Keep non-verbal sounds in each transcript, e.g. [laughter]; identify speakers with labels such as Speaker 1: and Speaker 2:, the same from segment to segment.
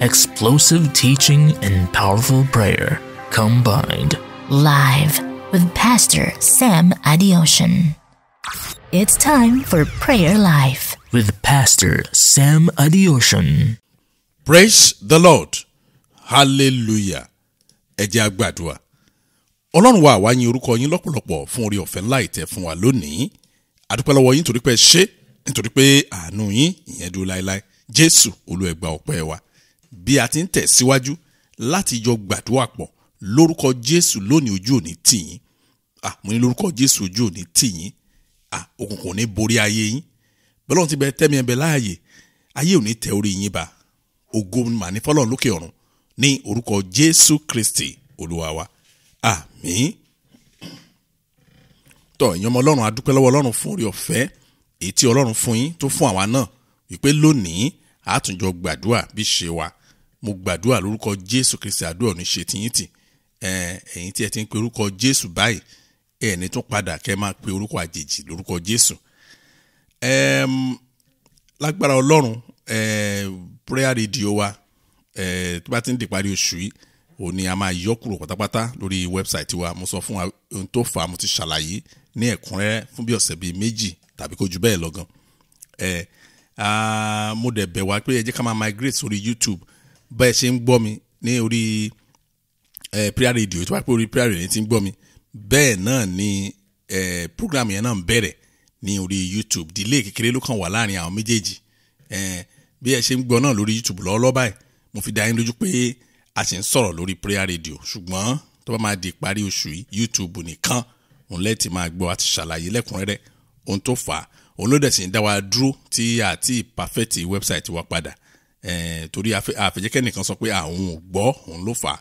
Speaker 1: explosive teaching and powerful prayer combined. Live with Pastor Sam Adeocean. It's time for Prayer Life with Pastor Sam Adeocean. Praise the Lord. Hallelujah. Ẹ jẹ́ a gbàdúrà. Ọlọ́run wa àwa yin orúkọ yín lọ́pọ̀lọpọ̀ fún oore ọ̀fẹ́ ńlá ìtẹ́ fún wa lónìí. Àdúpẹ́ lọ́wọ́ yín torí pé ṣé nítorí pé àánú yín ìyẹn dúró láéláé. Jésù Olúwa ẹ ọpẹ́ wa. bí a ti ń tẹ̀síwájú láti jọ gbàdúrà pọ̀ lórúkọ Jésù lónìí ojú òní tìyín ah mo ní lórúkọ Jésù ojú òní tìyín ah òkùnkùn ò ní borí ayé yín bọ́lọ́run ti bẹ tẹ́mi ẹ̀ bẹ láàyè ayé ò ní tẹ orí yín ba ògo mà ní fọlọ́run lókè ọ̀run ní orúkọ Jésù Kristi olúwa wa àmín tọ ìyẹn ọlọ́run adúpẹ́ lọ́wọ́ ọlọ́run fún orí ọ̀fẹ́ èyí tí ọlọ́run fún yín tó fún àwa náà wípé lónìí àtúnjọ gbàdúrà bí ṣe wa mo gbàdúrà lórúkọ jésù kristi àdúrà ní ṣe tiyín tì ẹ̀yin tí ẹ ti ń pe orúkọ jésù báyìí ẹni tún padà kẹ́ máa pe orúkọ àjèjì lórúkọ jésù lágbára ọlọ́run prayer radio wa tó bá ti ń dìparí oṣù yìí òun ni a máa yọ kúrò pátápátá lórí wẹ́bsáìtì wa mo sọ fún wa ohun tó fà á mo ti ṣàlàyé ní ẹ̀kúnrẹ́rẹ́ fún bí ọ̀sẹ̀ bíi méjì tàbí kó ju bẹ́ẹ̀ lọ gan mo dẹ̀ bẹ̀ wá pé ẹ jẹ́ ká máa migrate sórí YouTube bẹ́ẹ̀ ṣe ń gbọ́ mi ní orí prayer radio tó bá pé orí prayer radio ti ń gbọ́ mi bẹ́ẹ̀ náà ni program yẹn náà ń bẹ̀rẹ̀ ní orí YouTube delay kékeré ló kàn wà láàrin àwọn méjèèjì bí ẹ ṣe ń gbọ́ náà lórí YouTube lọ́ọ́lọ́ báyìí mo fi dá yín lójú pé a sì ń sọ̀rọ̀ lórí prayer radio ṣùgbọ́n tó bá máa di ìparí oṣù yìí YouTube nìkan òun lẹ́ẹ̀tì máa gbọ́ àti ṣàlàyé lẹ́kùnrẹ́rẹ́ ohun tó fà á òun ló dẹ̀ sì ń dá wa dúró tí àti perfect website wa padà Eh, torí àfẹjẹkẹ nìkan sọ pé àwọn ò gbọ́ òun ló fà á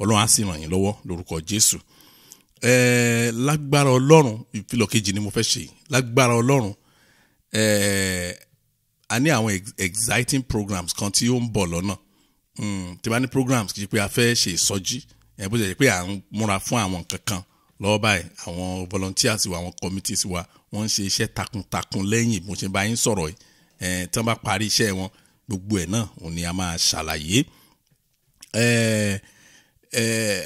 Speaker 1: ọlọ́run á sì ràn yín lọ́wọ́ lórúkọ jésù eh, lágbára ọlọ́run ìfilọ̀ kejì ni mo fẹ́ ṣe lágbára ọlọ́run eh, a ní àwọn exciting programs kan tí ó ń bọ̀ lọ́nà hmm, tí bá ní programs kì í ṣe pé a fẹ́ ṣe ìsọjí bó ṣe jẹ́ pé à ń múra fún àwọn nǹkan kan lọ́wọ́ báyìí àwọn volunteers wa àwọn committees wa wọ́n ń ṣe iṣẹ́ takuntakun lẹ́yìn bó ṣe bá yín sọ̀rọ̀ yìí tí wọ́n bá parí iṣẹ́ wọn gbogbo ẹ̀ náà òun ni a máa ṣàlàyé ẹ̀ẹ́ ẹ̀ẹ́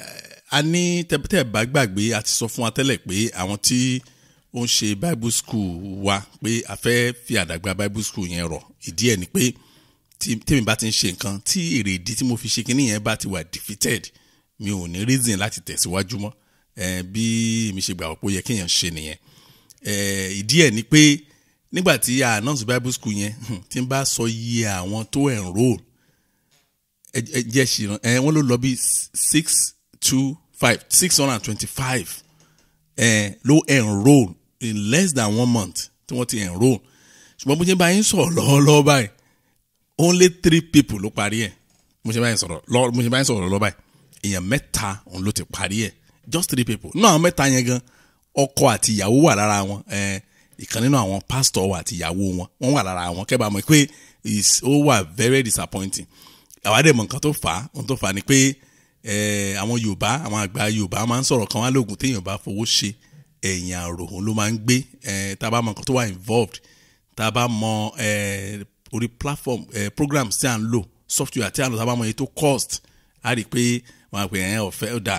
Speaker 1: a ní tẹ́pẹ́tẹ́ bá gbàgbé a ti sọ fún wa tẹ́lẹ̀ pé àwọn tí ó ń ṣe bible school wa pé a fẹ́ fi àdàgbà bible school yẹn rọ̀ ìdí ẹ̀ ni pé tèmi bá ti ń ṣe nǹkan tí èrè ìdí tí mo fi ṣe kinní yẹn bá ti wà defeated mi ò ní reason láti tẹ̀síwájú mọ́ bí mi ṣe gbà wọ́pọ̀ yẹ kéèyàn ṣe nìyẹn ìdí ẹ̀ ni pé nígbà tí a announce bible school yẹn hmm, tí n bá sọ iye àwọn tó enroll ẹ jẹ́ ṣìrán ẹ wọ́n ló lọ bí six two five six hundred and twenty-five ẹ ló enroll in less than one month tí wọ́n ti enroll ṣùgbọ́n bó ṣe bá yín sọ̀rọ̀ lọ́wọ́lọ́wọ́ báyìí only three people ló parí ẹ̀ mo ṣe bá yín sọ̀rọ̀ lọ́wọ́ mo ṣe bá yín sọ̀rọ̀ lọ́wọ́ báyìí èèyàn mẹ́ta òun ló ti parí ẹ̀ just three people náà mẹ́ta yẹn gan ọkọ àti ìyàwó wà lára wọn ẹ̀ẹ́ ìkan nínú àwọn pásítọ̀ wa àti ìyàwó wọn wọ́n wà lára wọn kẹ́ bá mọ̀ pé ó wà very disappointing àwa dẹ̀ mọ̀ nǹkan tó fà á ohun tó fà á ni pé eh, àwọn Yorùbá àwọn àgbà Yorùbá máa ń sọ̀rọ̀ kan wá lóògùn téèyàn bá fowó ṣe ẹ̀yìn àròhùn ló máa ń gbé eh, tá a bá mọ̀ nǹkan tó wà involved tá a bá mọ̀ eh, orí platform programs tí a ń lò software tí a ń lò tá a bá mọ̀ èyí tó cost a rí i pé wọn àpè ọ̀fẹ́ ọ̀dà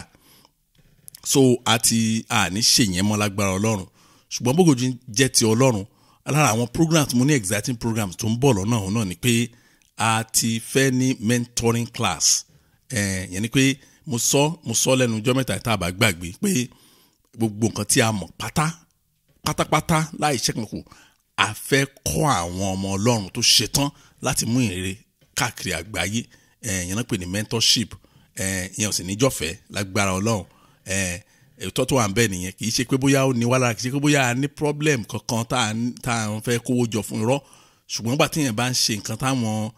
Speaker 1: so àti àní ṣèyẹn mọ́ lágbára Ọlọ́run ṣùgbọ́n bógojì jẹ́ ti ọlọ́run lára àwọn programs mo ní exciting programs tó ń bọ̀ lọ́nà òun náà ni pé a ti fẹ́ ní mentoring class yẹn ni pé mo sọ mo sọ lẹ́nu ọjọ́ mẹ́ta tá a bá gbàgbé pé gbogbo nǹkan tí a mọ̀ pátá pátápátá láì ṣẹ́kùnkù a fẹ́ kọ́ àwọn ọmọ ọlọ́run tó ṣetán láti mú ìrere káàkiri àgbáyé yẹn náà pè ní mentorship yẹn ò sì níjọ́fẹ̀ẹ́ lágbára ọlọ́run ètò tó wà ń bẹ nìyẹn kì í ṣe pé bóyá ó ní wàhálà kì í ṣe pé bóyá a ní problem kankan tá à ń fẹ́ kówó jọ fún irọ́ ṣùgbọ́n nígbà téèyàn bá ń ṣe nǹkan táwọn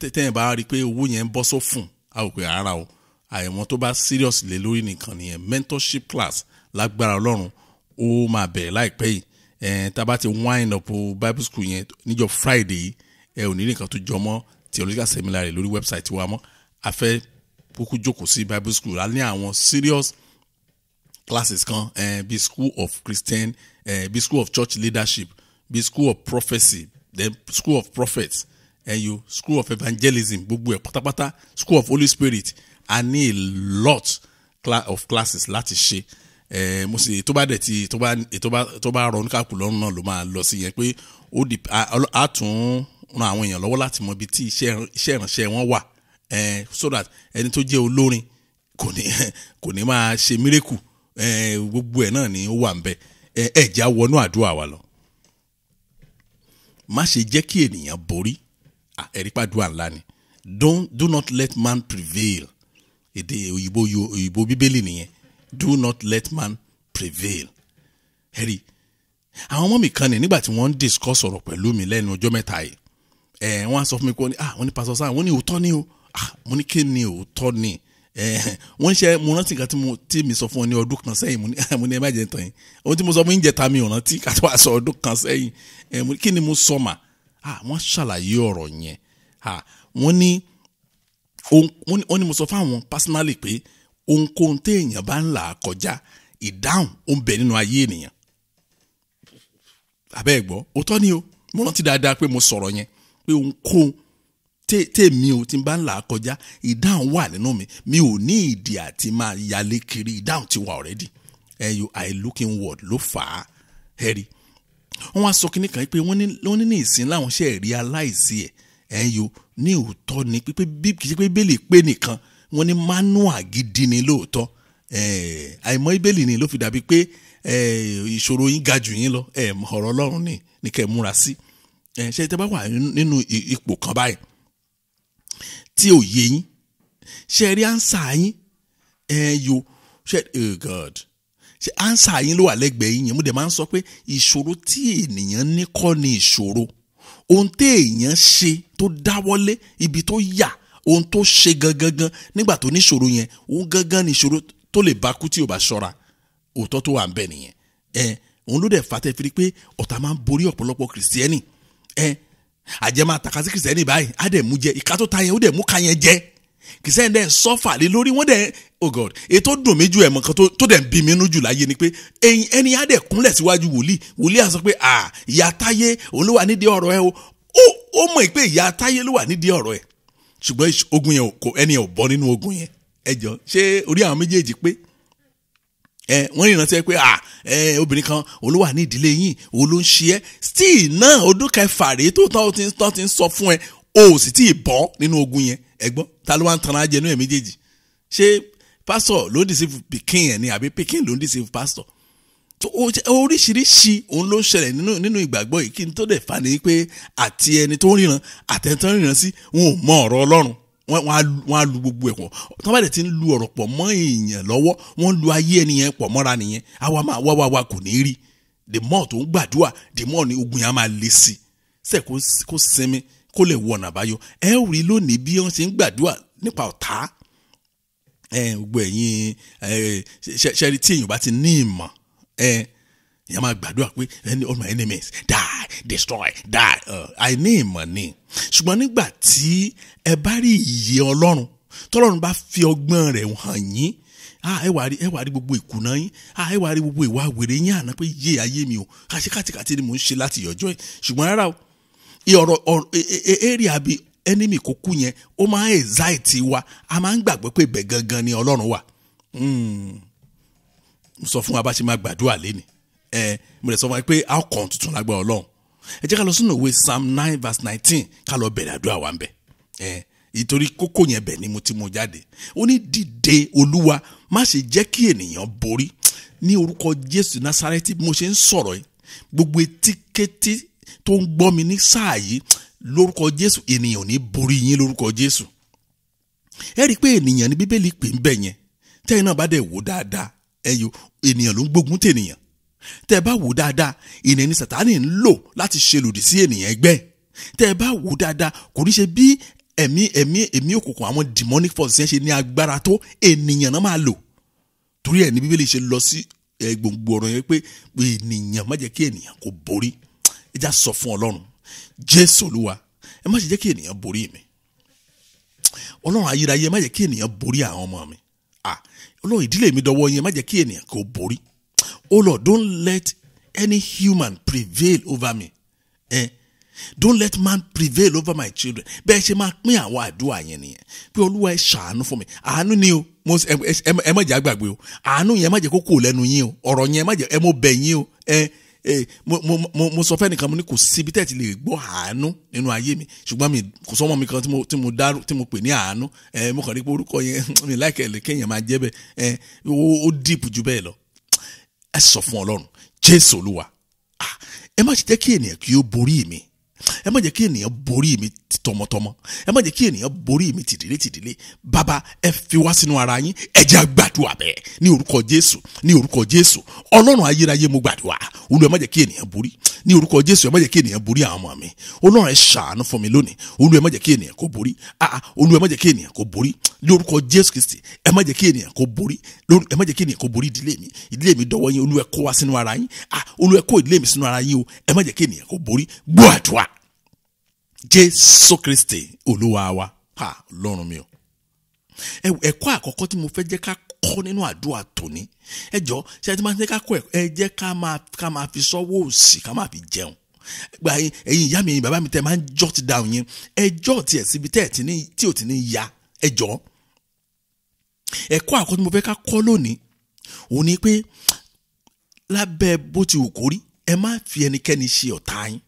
Speaker 1: téèyàn bá rí i pé owó yẹn ń bọ́ sófun a ò pé ara o àìmọ́ tó bá serious lé lórí nìkan nìyẹn mentorship class lágbára ọlọ́run ó máa bẹ̀rẹ̀ láìpẹ́ yìí tá a bá ti wind up bible school yẹn níjọ́ friday ẹ ò ní nǹkan tó jọ mọ́ theological seminary lórí website wa mọ́ a fẹ́ kúkú jókòó sí bible school a ní àwọn serious classes kan eh, bí school of christian eh, bí school of church leadership be school of prophecy then school of prophets ẹyọ eh, you school of evangelism gbogbo ẹ pátápátá school of holy spirit I need a lot of classes láti ṣe eh, mo sì tó bá dẹ̀ ti tó bá tó bá rọ oníkàkù lọ́rùn náà ló máa lọ sí yẹn pé ó di a tún ran àwọn èèyàn lọ́wọ́ láti mọ ibi tí iṣẹ́ ìrànṣẹ́ wọn wà eh, so that ẹni tó jẹ́ olórin kò ní [laughs] kò ní máa ṣe mírèkù gbogbo ẹ̀ náà ni ó wà ń bẹ wọnú àdúrà wa lọ má ṣe jẹ́ kí ènìyàn borí ẹ̀rípàdúrà ńlá ni do not let man prevail èdè òyìnbó òyìnbó bíbélì nìyẹn do not let man prevail ẹ̀rí àwọn ọmọ mi kan ní nígbà tí wọ́n ń discuss ọ̀rọ̀ pẹ̀lú mi lẹ́nu ọjọ́ mẹ́ta yìí ẹ̀ wọ́n á sọ fún mi pé wọ́n ní pásọ sáà wọ́n ní òótọ́ ni o mo ní kí ni òótọ́ ni Eh, wọ́n ṣe mo rántí nǹkan tí mo tí mi sọ fún ọ ní ọdún kan sẹ́yìn mo ní [laughs] ẹ má jẹ́ tán yín ohun tí mo sọ mo ń jẹta mi ò rántí [laughs] ká wá sọ ọdún kan sẹ́yìn eh, kí ni mo sọ mà ah, wọ́n ṣàlàyé ọ̀rọ̀ yẹn ah, wọ́n ní wọ́n ní mo sọ fáwọn personally pé ohunkóhun téèyàn bá ń là kọjá ìdáhùn ó ń bẹ nínú ayé ènìyàn abẹ́ ẹ̀ gbọ́ òótọ́ ni o mo rántí dáadáa pé mo sọ̀rọ̀ yẹn pé ohunkóhun tèmi o tí n bá ń là á kọjá ìdáhùn wà nínú mi mi ò ní ìdí àti máa yalé kiri ìdáhùn ti wà already ẹyọ àìlókin word ló fà á ẹrí wọn wá sọ kínní kan pé wọn ní ní ìsìn láwọn ṣe rí aláìsí ẹ ẹyọ ní òótọ́ ni pípé bí kìí ṣe pé bẹ́ẹ̀lì pé nìkan wọn ní manua gidi ni lóòótọ́ àìmọ̀ ìbẹ́ẹ̀lì ni ló fi dàbí pé ìṣòro yín ga jù yín lọ ọ̀rọ̀ ọlọ́run ni kẹ́ ẹ múra sí ṣe tẹ́ bá wà nínú ipò kan báyìí tí ò yé yín ṣe rí ánsà yín ẹ yo ṣe oh god ṣe ánsà yín ló wà lẹ́gbẹ̀ẹ́ yín mo dẹ̀ máa ń sọ pé ìṣòro tí ènìyàn ní kọ́ ni ìṣòro ohun tí èèyàn ṣe tó dáwọ́lé ibi tó yà ohun tó ṣe gangan nígbà tó níṣòro yẹn òun gangan ni ìṣòro tó lè bá kú tí ò bá ṣọ́ra òótọ́ tó wà ń bẹ nìyẹn ẹ òun ló dẹ̀ fàtẹ́ fi rí pé ọ̀tá máa ń borí ọ̀pọ̀lọpọ̀ kìrìsìtẹ́nì ẹ eh, àjẹmọ́ àtàkà sí kìrìsìtẹ́nì báyìí á dẹ̀ mú jẹ ìka tó ta yẹn ó dẹ̀ mú ka yẹn jẹ kìrìsìtẹ́nì dẹ̀ sọ́fà lé lórí wọ́n dẹ̀ oh god ètò dùn mí ju ẹ̀mọ́ kan tó dẹ̀ ń bí mi nú jù láyé ni pé ẹ̀yin ẹni á dẹ̀ kúnlẹ̀ síwájú wòlíì wòlíì á sọ pé à ìyá táyé òun ló wà nídìí ọ̀rọ̀ ẹ o ó mọ̀ pé ìyá táyé ló nídìí ọ̀rọ̀ ẹ ṣùgbọ́n ogun yẹn kò ẹni ẹ̀ ò bọ́ nínú ogun yẹn ẹ jọ ṣé orí àwọn méjèèjì pé ẹ wọ́n rí ìrántí ẹ pé à ah, ẹ obìnrin kan olówà ní ìdílé yín òun ló ń ṣe ẹ́ still náà ọdún kẹfà rèé tó tán ti ń sọ fún ẹ o sì tí ì bọ́ nínú ogun yẹn ẹ̀gbọ́n ta ló wá ń tanra jẹnu ẹ̀ méjèèjì ṣé pásítọ̀ ló ń deceive pikin ẹ̀ ni àbí pikin ló ń deceive pásítọ̀ oríṣiríṣi òun ló ń ṣẹlẹ̀ nínú nínú ìgbàgbọ́ yìí kí n tó dẹ̀ fà ní pé àti ẹni tó ń ríran àtẹni tó ń ríran sí wọn ò mọ ọ̀rọ̀ Ọlọ́run wọ́n á lu gbogbo ẹ̀ pọ̀ tó bá dẹ̀ ti ń lu ọ̀rọ̀ pọ̀ mọ́ èèyàn lọ́wọ́ wọ́n lu ayé ẹni yẹn pọ̀ mọ́ra nìyẹn àwa máa wá wá wa kò ní rí the more tó ń gbàdúrà the more ni ogun yẹn á máa le sí sẹ kó sinmi kó lè wọ̀nà àbáyọ ẹ rí lónìí bí wọ́n ṣe ń gbàdúrà nípa ọ̀tá gbogbo ẹ̀yin ṣẹ́rí tí èèyàn bá ti ní ìmọ̀ èèyàn máa gbàdúrà pé all my enemies die destroy die àìní ìmọ̀ ni ṣùgbọ́n nígbà tí ẹ bá rí ìyè ọlọ́run tọ́lọ́run bá fi ọgbọ́n rẹ̀ hàn yín ah, ẹ wà rí ẹ wà rí gbogbo ìkùnà yín ah, ẹ wà rí gbogbo ìwà wèrè yín àná pé yé ayé mi o àṣé kàtìkàtì ni mò ń ṣe láti ọjọ́ ẹ̀ ṣùgbọ́n rárá o ọ̀rọ̀ e, e, e, area bíi enemy kúkú yẹn ó máa ń excite wa a máa ń gbàgbé pé ibẹ̀ gangan ni ọlọ́run wà hmm. sọ fún wa bá ṣe máa gbàdúrà lẹ́nu mo lè sọ fún wa pé a tuntun lágbára ọlọ́run ẹ jẹ́ ká lọ sínú ìwé psalm nine verse nineteen ká lọ bẹ̀rẹ̀ àdúrà wa ń bẹ̀ ẹ ìtorí kókó yẹn bẹ̀ ni mo ti mú jáde ó ní dìde olúwa má ṣe jẹ́ kí ènìyàn borí ní orúkọ jésù nasareti mo ṣe ń sọ̀rọ̀ yìí gbogbo etíkétí tó ń gbọ́ mi ní sáà yìí lórúkọ jésù ènìyàn ò ní borí yín lórúkọ jésù ẹ rí i pé ènìyàn ní bíbélì pè ń bẹ̀ yẹn tẹ́yìn náà bá dẹ̀ wò dáadáa ẹ̀yọ ènìyàn ló ń gbógun tènìyàn tẹ́ ẹ bá wò dáadáa ìní ni sàtánì ń lò láti ṣe lòdì sí ènìyàn ẹgbẹ́ tẹ́ ẹ bá wò dáadáa kò ní ṣe bí ẹ̀mí ẹ̀mí ẹ̀mí òkùnkùn àwọn demonic forces yẹn ṣe ní agbára tó ènìyàn náà máa lò torí ẹ̀ ní bíbélì ṣe lọ sí gbogbo ọ̀rọ̀ yẹn pé ènìyàn má jẹ́ kí ènìyàn kò borí ẹ já sọ fún ọlọ́run jésù olúwa ẹ má ṣe jẹ́ kí ènìyàn borí mi ọlọ́run ayérayé má jẹ́ kí ènìyàn borí àwọn ọmọ mi ọlọ́run ìdílé mi dọwọ́ yín má jẹ́ kí ènìyàn kò borí Oh Lord, don't let any human prevail over me. Eh? Don't let man prevail over my children. Bẹ́ẹ̀ ṣe máa pín àwọn àdúrà yẹn nìyẹn. Pé Olúwa ẹ ṣàánú fún mi. Àánú ni o. Mo ẹ má jẹ́ àgbàgbé o. Àánú yẹn má jẹ́ kó kò lẹ́nu yín o. Ọ̀rọ̀ yẹn má jẹ́ ẹ mo bẹ̀ yín o. Ẹ ẹ mo mo mo sọ fẹ́nìkan mo ní kò síbi tẹ́ẹ̀ ti lè gbọ́ àánú nínú ayé mi. Ṣùgbọ́n mi kò sọ́mọ́ mi kan tí mo dárú tí mo pè ní àánú. Ẹ mo kàn rí pé orúkọ yẹn [laughs] mi láìkẹ́ lè kéèyàn máa jẹ́ bẹ́ẹ̀. Ẹ ó dìpù ju bẹ́ẹ̀ lọ ẹ sọ fún ọlọ́run jésù olúwa ah, ẹ má ṣe jẹ́ kí ènìyàn kí ó borí mi ẹ má jẹ́ kí ènìyàn borí mi tọmọtọmọ ẹ má jẹ́ kí ènìyàn borí mi tìdílé tìdílé bàbá ẹ fi wá sínú ara yín ẹ jẹ́ àgbàdua bẹ́ẹ̀ ní orúkọ jésù ní orúkọ jésù ọlọ́run ayérayé mo gbàdúrà olú ẹ má jẹ́ kí ènìyàn borí ní orúkọ jésù ẹ má jẹ́ kí ènìyàn borí àwọn ọmọ mi ọlọ́run ẹ ṣàánú fún mi lónìí olú ẹ má jẹ́ kí ènìyàn kó borí ah, ah olú ẹ má jẹ́ kí ènìyàn kó borí ní orúkọ jésù kristi ẹ má jẹ́ kí ènìyàn kó borí ẹ má jẹ́ kí ènìyàn kó borí ìdílé mi ìdílé mi dọwọ́ yín olú ẹ kó wá sínú ara yín ah olú ẹ kó ìdílé mi sínú ara yín o ẹ má jẹ́ kí ènìyàn kó borí gbọ́ àdúrà jésù kristi olúwa wa ha lọ́run mi o ẹ̀kọ́ àkọ́kọ́ tí mo fẹ́ jẹ́ ká kọ́ nínú àdúrà tòní ẹ jọ ṣe àti máa ń jẹ́ ká kọ́ ẹ jẹ́ ká máa fi sọ́wọ́ òsì ká máa fi jẹun gba ẹ̀yin ìyá mi ẹ̀yin bàbá mi tẹ́ máa ń jọ́ ti dàrú yẹn ẹjọ́ tiẹ̀ síbi tẹ́ tí ò ti ní ya ẹjọ́ ẹ̀kọ́ àkọ́kọ́ tí mo fẹ́ ká kọ́ lónìí òun ni pé lábẹ́ bó ti wù kórí ẹ má fi ẹnikẹ́ni ṣe ọ̀tá yín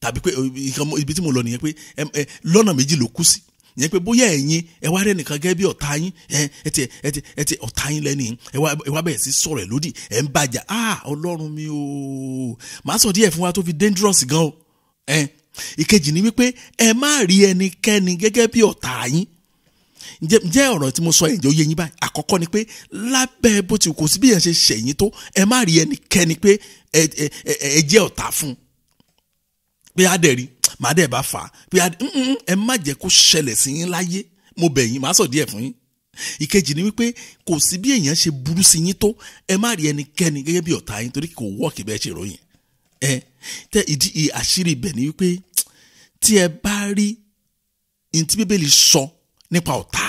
Speaker 1: tàbí pé eh, ibi tí mo lọ nìyẹn pé eh, lọ́nà méjì ló kú sí ìyẹn pé bóyá ẹ̀yin ẹ wá rẹ nìkan gẹ́gẹ́ bí ọ̀tá yín ẹ ti ẹ ti ọ̀tá yín lẹ́ni ẹ wá bẹ̀rẹ̀ sí sọ̀rọ̀ ẹ̀ lódì ẹ̀ ń bàjá ah ọlọ́run mi o màá sọ díẹ̀ fún wa tó fi dangerous gan o ìkejì ni wípé ẹ má rí ẹnikẹ́ni gẹ́gẹ́ bí ọ̀tá yín ǹjẹ́ ọ̀rọ̀ tí mo sọ ẹ̀jẹ̀ ó yé yín báyìí àkọ́kọ́ ni pé lábẹ́ bó ti kò sí bí yẹn ṣe ṣẹ̀yìn tó ẹ má rí ẹnikẹ́ni pé ẹ jẹ́ ọ̀tá fún un bí a dẹ̀ rí màá dẹ̀ bá fà á bí a mm, mm, mm, ẹ má jẹ́ kó ṣẹlẹ̀ sí yín láyé mo bẹ̀ yín màá sọ díẹ̀ fún yín ìkejì ni wípé kò sí bí èèyàn ṣe burú sí yín tó ẹ má rí ẹnikẹ́ni gẹ́gẹ́ bí ọ̀tá yín torí kò wọ́ọ̀kì bẹ́ẹ̀ ṣe ròyìn ẹ tẹ ìdí àṣírí ibẹ̀ ni wípé tí ẹ bá rí ní tí bíbélì sọ nípa ọ̀tá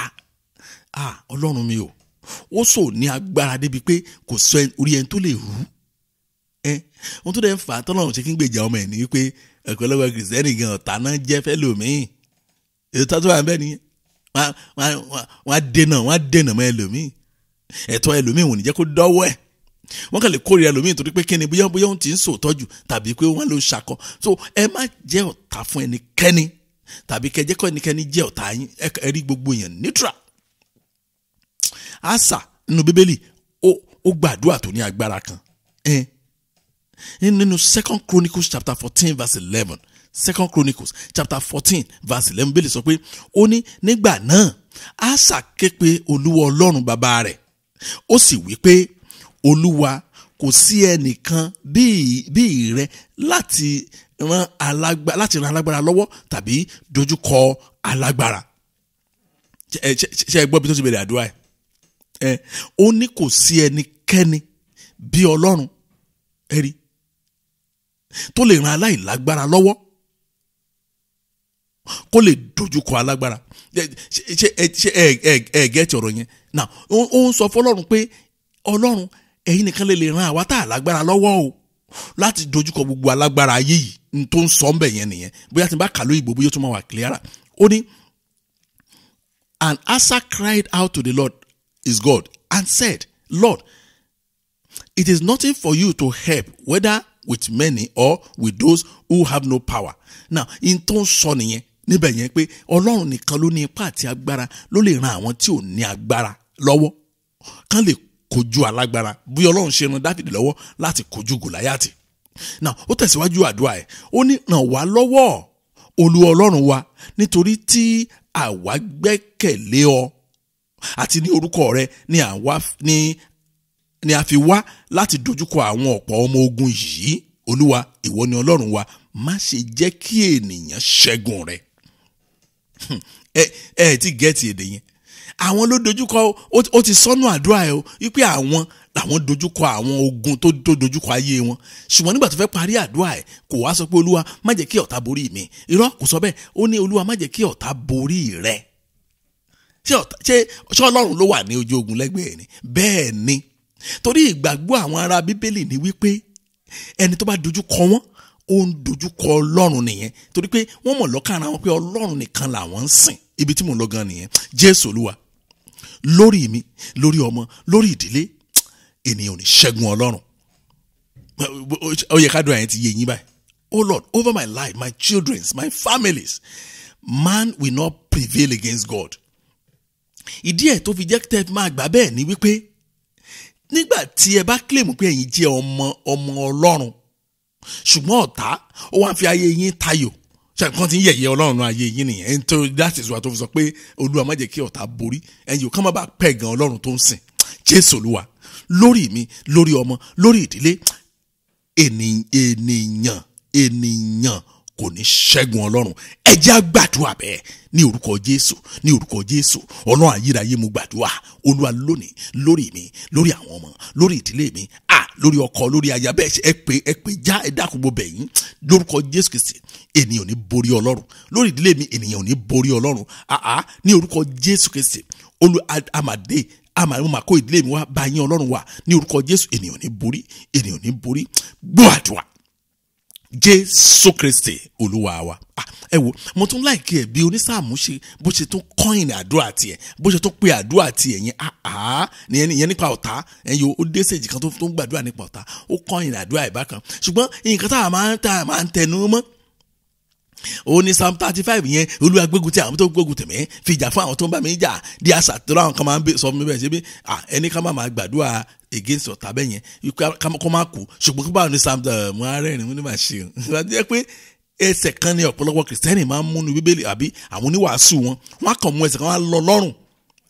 Speaker 1: ah ọlọ́run mi o ó sò ní agbára débi pé kò sọ orí ẹni tó lè rú ẹ ohun tó dẹ̀ ń fà á tọ́lọ́run ṣe kí ń gbèjà ọmọ ẹ̀ ni wípé ọ̀pọ̀lọpọ̀ kìrìsìtẹ́nì gan ọ̀tá náà jẹ́ fẹ́lòmíì ètò tó wà ń bẹ́ nìyẹn wọ́n á dènà wọ́n á dènà mọ́ ẹlòmíì ẹ̀tọ́ ẹlòmíì wò ní jẹ́ kó dọ́wọ́ ẹ̀ wọ́n kàn lè kórìíra ẹlòmíì torí pé kíni bóyá bóyá òun ti ń sòtọ́jú tàbí pé wọ́n ló ṣakọ so ẹ má jẹ́ ọ̀tá fún ẹnikẹ́ni tàbí kẹjẹ́ kọ́ ẹnikẹ́ni jẹ́ ọ̀tá yín gbogbo èèyàn neutral àṣà nínú bíbélì ó gbàdúrà tó ní agbára kan ẹ in, in second chronicles chapter fourteen verse eleven second chronicles chapter fourteen verse eleven bẹ́ẹ̀ lè sọ pé ó ní nígbà náà Asa ké pe olúwa ọlọ́run bàbá rẹ̀ ó sì wí pé olúwa kò sí ẹnìkan bíi rẹ láti ran alágbára láti ran alágbára lọ́wọ́ tàbí dojúkọ alágbára ṣe ẹ gbọ́ bí tó ti bẹ̀rẹ̀ àdúrà ẹ̀ ó ní kò sí ẹnikẹ́ni bí ọlọ́run ẹ̀rí tó lè ran aláìlágbára lọ́wọ́ kó lè dojúkọ alágbára ṣe ẹ ẹ gẹ́tì ọ̀rọ̀ yẹn now ó ń sọ fọlọ́run pé ọlọ́run ẹ̀yin nìkan lè ran àwa tá àlágbára lọ́wọ́ o láti dojúkọ gbogbo alágbára ayé yìí n tó ń sọ ń bẹ̀ nìyẹn bóyá tí n bá kà ìbò bóyá tó máa wà clear ó ní and Asa cried out to the Lord his God and said Lord it is nothing for you to help whether with many or with those who have no power. now in tó ń sọ nìyẹn níbẹ̀ yẹn pé ọlọ́run nìkan ló ní ipá àti agbára ló lè ran àwọn tí ò ní agbára lọ́wọ́ kán lè kojú alágbára bí ọlọ́run ṣe ran dáfídì lọ́wọ́ láti kojú gòláyàtì. now ó tẹ̀síwájú àdúrà ẹ̀ ó ní ràn wá lọ́wọ́ olú ọlọ́run wa nítorí tí àwa gbẹ́kẹ̀lé ọ àti ní orúkọ rẹ ni àwa ni ni a fi wá láti dojúkọ àwọn ọ̀pọ̀ ọmọ ogun yìí olúwa ìwọ ni ọlọ́run wa má ṣe jẹ́ kí ènìyàn ṣẹ́gun rẹ ẹ ẹ ti gẹ́ẹ̀tì èdè yẹn àwọn ló dojúkọ ó ti sọnù àdúrà ẹ o wípé àwọn làwọn dojúkọ àwọn ogun tó dojúkọ ayé wọn ṣùgbọ́n nígbà tó fẹ́ parí àdúrà ẹ kò wá sọ pé olúwa má jẹ́ kí ọ̀tá borí mi irọ́ kò sọ bẹ́ẹ̀ ó ní olúwa má jẹ́ kí ọ̀tá borí rẹ ṣé ọlọ́run ló wà ní ojú ogun lẹ́gbẹ̀ẹ́ ni bẹ́ẹ̀ ni torí ìgbàgbọ́ àwọn ará bíbélì ni wípé ẹni tó bá dojú kọ wọ́n ó ń dojú kọ ọlọ́run nìyẹn torí pé wọ́n mọ̀ lọ́kàn ara wọn pé ọlọ́run nìkan làwọn ń sìn ibi tí mò ń lọ gan nìyẹn jésù olúwa lórí mi lórí ọmọ lórí ìdílé ènìyàn ò ní ṣẹ́gun ọlọ́run ó yẹ ká dùn àyẹn ti yé yín báyìí oh lord over my life my children's my families man will not prevail against god ìdí ẹ̀ tó fi jẹ́ tẹ́ máa gbà bẹ́ẹ̀ ni wípé nígbà tí ẹ bá kílèmù pé ẹ̀yin jẹ́ ọmọ ọmọ ọlọ́run ṣùgbọ́n ọ̀tá ó wá ń fi ayé yín tayò ṣàkóso ti ń yẹ̀yẹ́ ọlọ́run ayé yín nìyẹn ẹni tó láti sọ àtọ́fù sọ pé olúwa má jẹ́ kí ọ̀tá borí ẹ̀yin ò ká má bàa pẹ̀ gan ọlọ́run tó ń sìn jésù olúwa lórí mi lórí ọmọ lórí ìdílé ènìyàn ènìyàn kò ní ṣẹ́gun ọlọ́run ẹ jẹ́ á gbàdúrà bẹ́ẹ̀ ní orúkọ jésù ní orúkọ jésù ọlọ́run ayérayé mo gbàdúrà olúwa lónìí lórí mi lórí àwọn ọmọ lórí ìdílé mi à lórí ọkọ lórí aya bẹ́ẹ̀ ṣe ẹ pé ẹ pé já ẹ dákun gbogbo bẹ̀yìn lórúkọ jésù kìsì ènìyàn ní borí ọlọ́run lórí ìdílé mi ènìyàn ò ní borí ọlọ́run àá ní orúkọ jésù kìsì olú amadé àmà àwọn màkó ìdílé mi wá bá yín ọlọ́run wà ní orúkọ jésù ènìyàn ò ní borí ènìyàn ò ní borí gbọ́ àdúrà jésù kristi olúwa wa ah, ẹ wo mo tún láìkí ẹ bí onísáàmù ṣe bó ṣe tún kọ́ìn àdúrà tiẹ̀ bó ṣe tún pe àdúrà tiẹ̀ yẹn àá ah, nìyẹn ah, nìyẹn nípa ọ̀tá ẹ̀yìn ó dé sèjì kan tó ń gbàdúrà nípa ọ̀tá ó kọ́ìn àdúrà ìbákan ṣùgbọ́n nǹkan tá a máa ń tẹnu mọ́ ó ní psalm thirty five yẹn olúwa gbógun ti àwọn tó gbógun tèmi fìjà fún àwọn tó ń bá mi jà di àṣà tó láwọn kan máa ń sọ fún mi bẹ́ẹ̀ ṣe bí ẹni ká má máa gbàdúrà against ọ̀tá bẹ́ẹ̀ yẹn kó má kú ṣùgbọ́n kí báwo ni psalm mo á rẹ́rìn mo ní máa ṣe o jẹ́ pé ẹsẹ̀ kan ni ọ̀pọ̀lọpọ̀ kìrìsìtẹ́nì máa ń múnu bíbélì àbí àwọn oníwàásù wọn wọn á kàn mú ẹsẹ̀ kan wá lọ lọ́rùn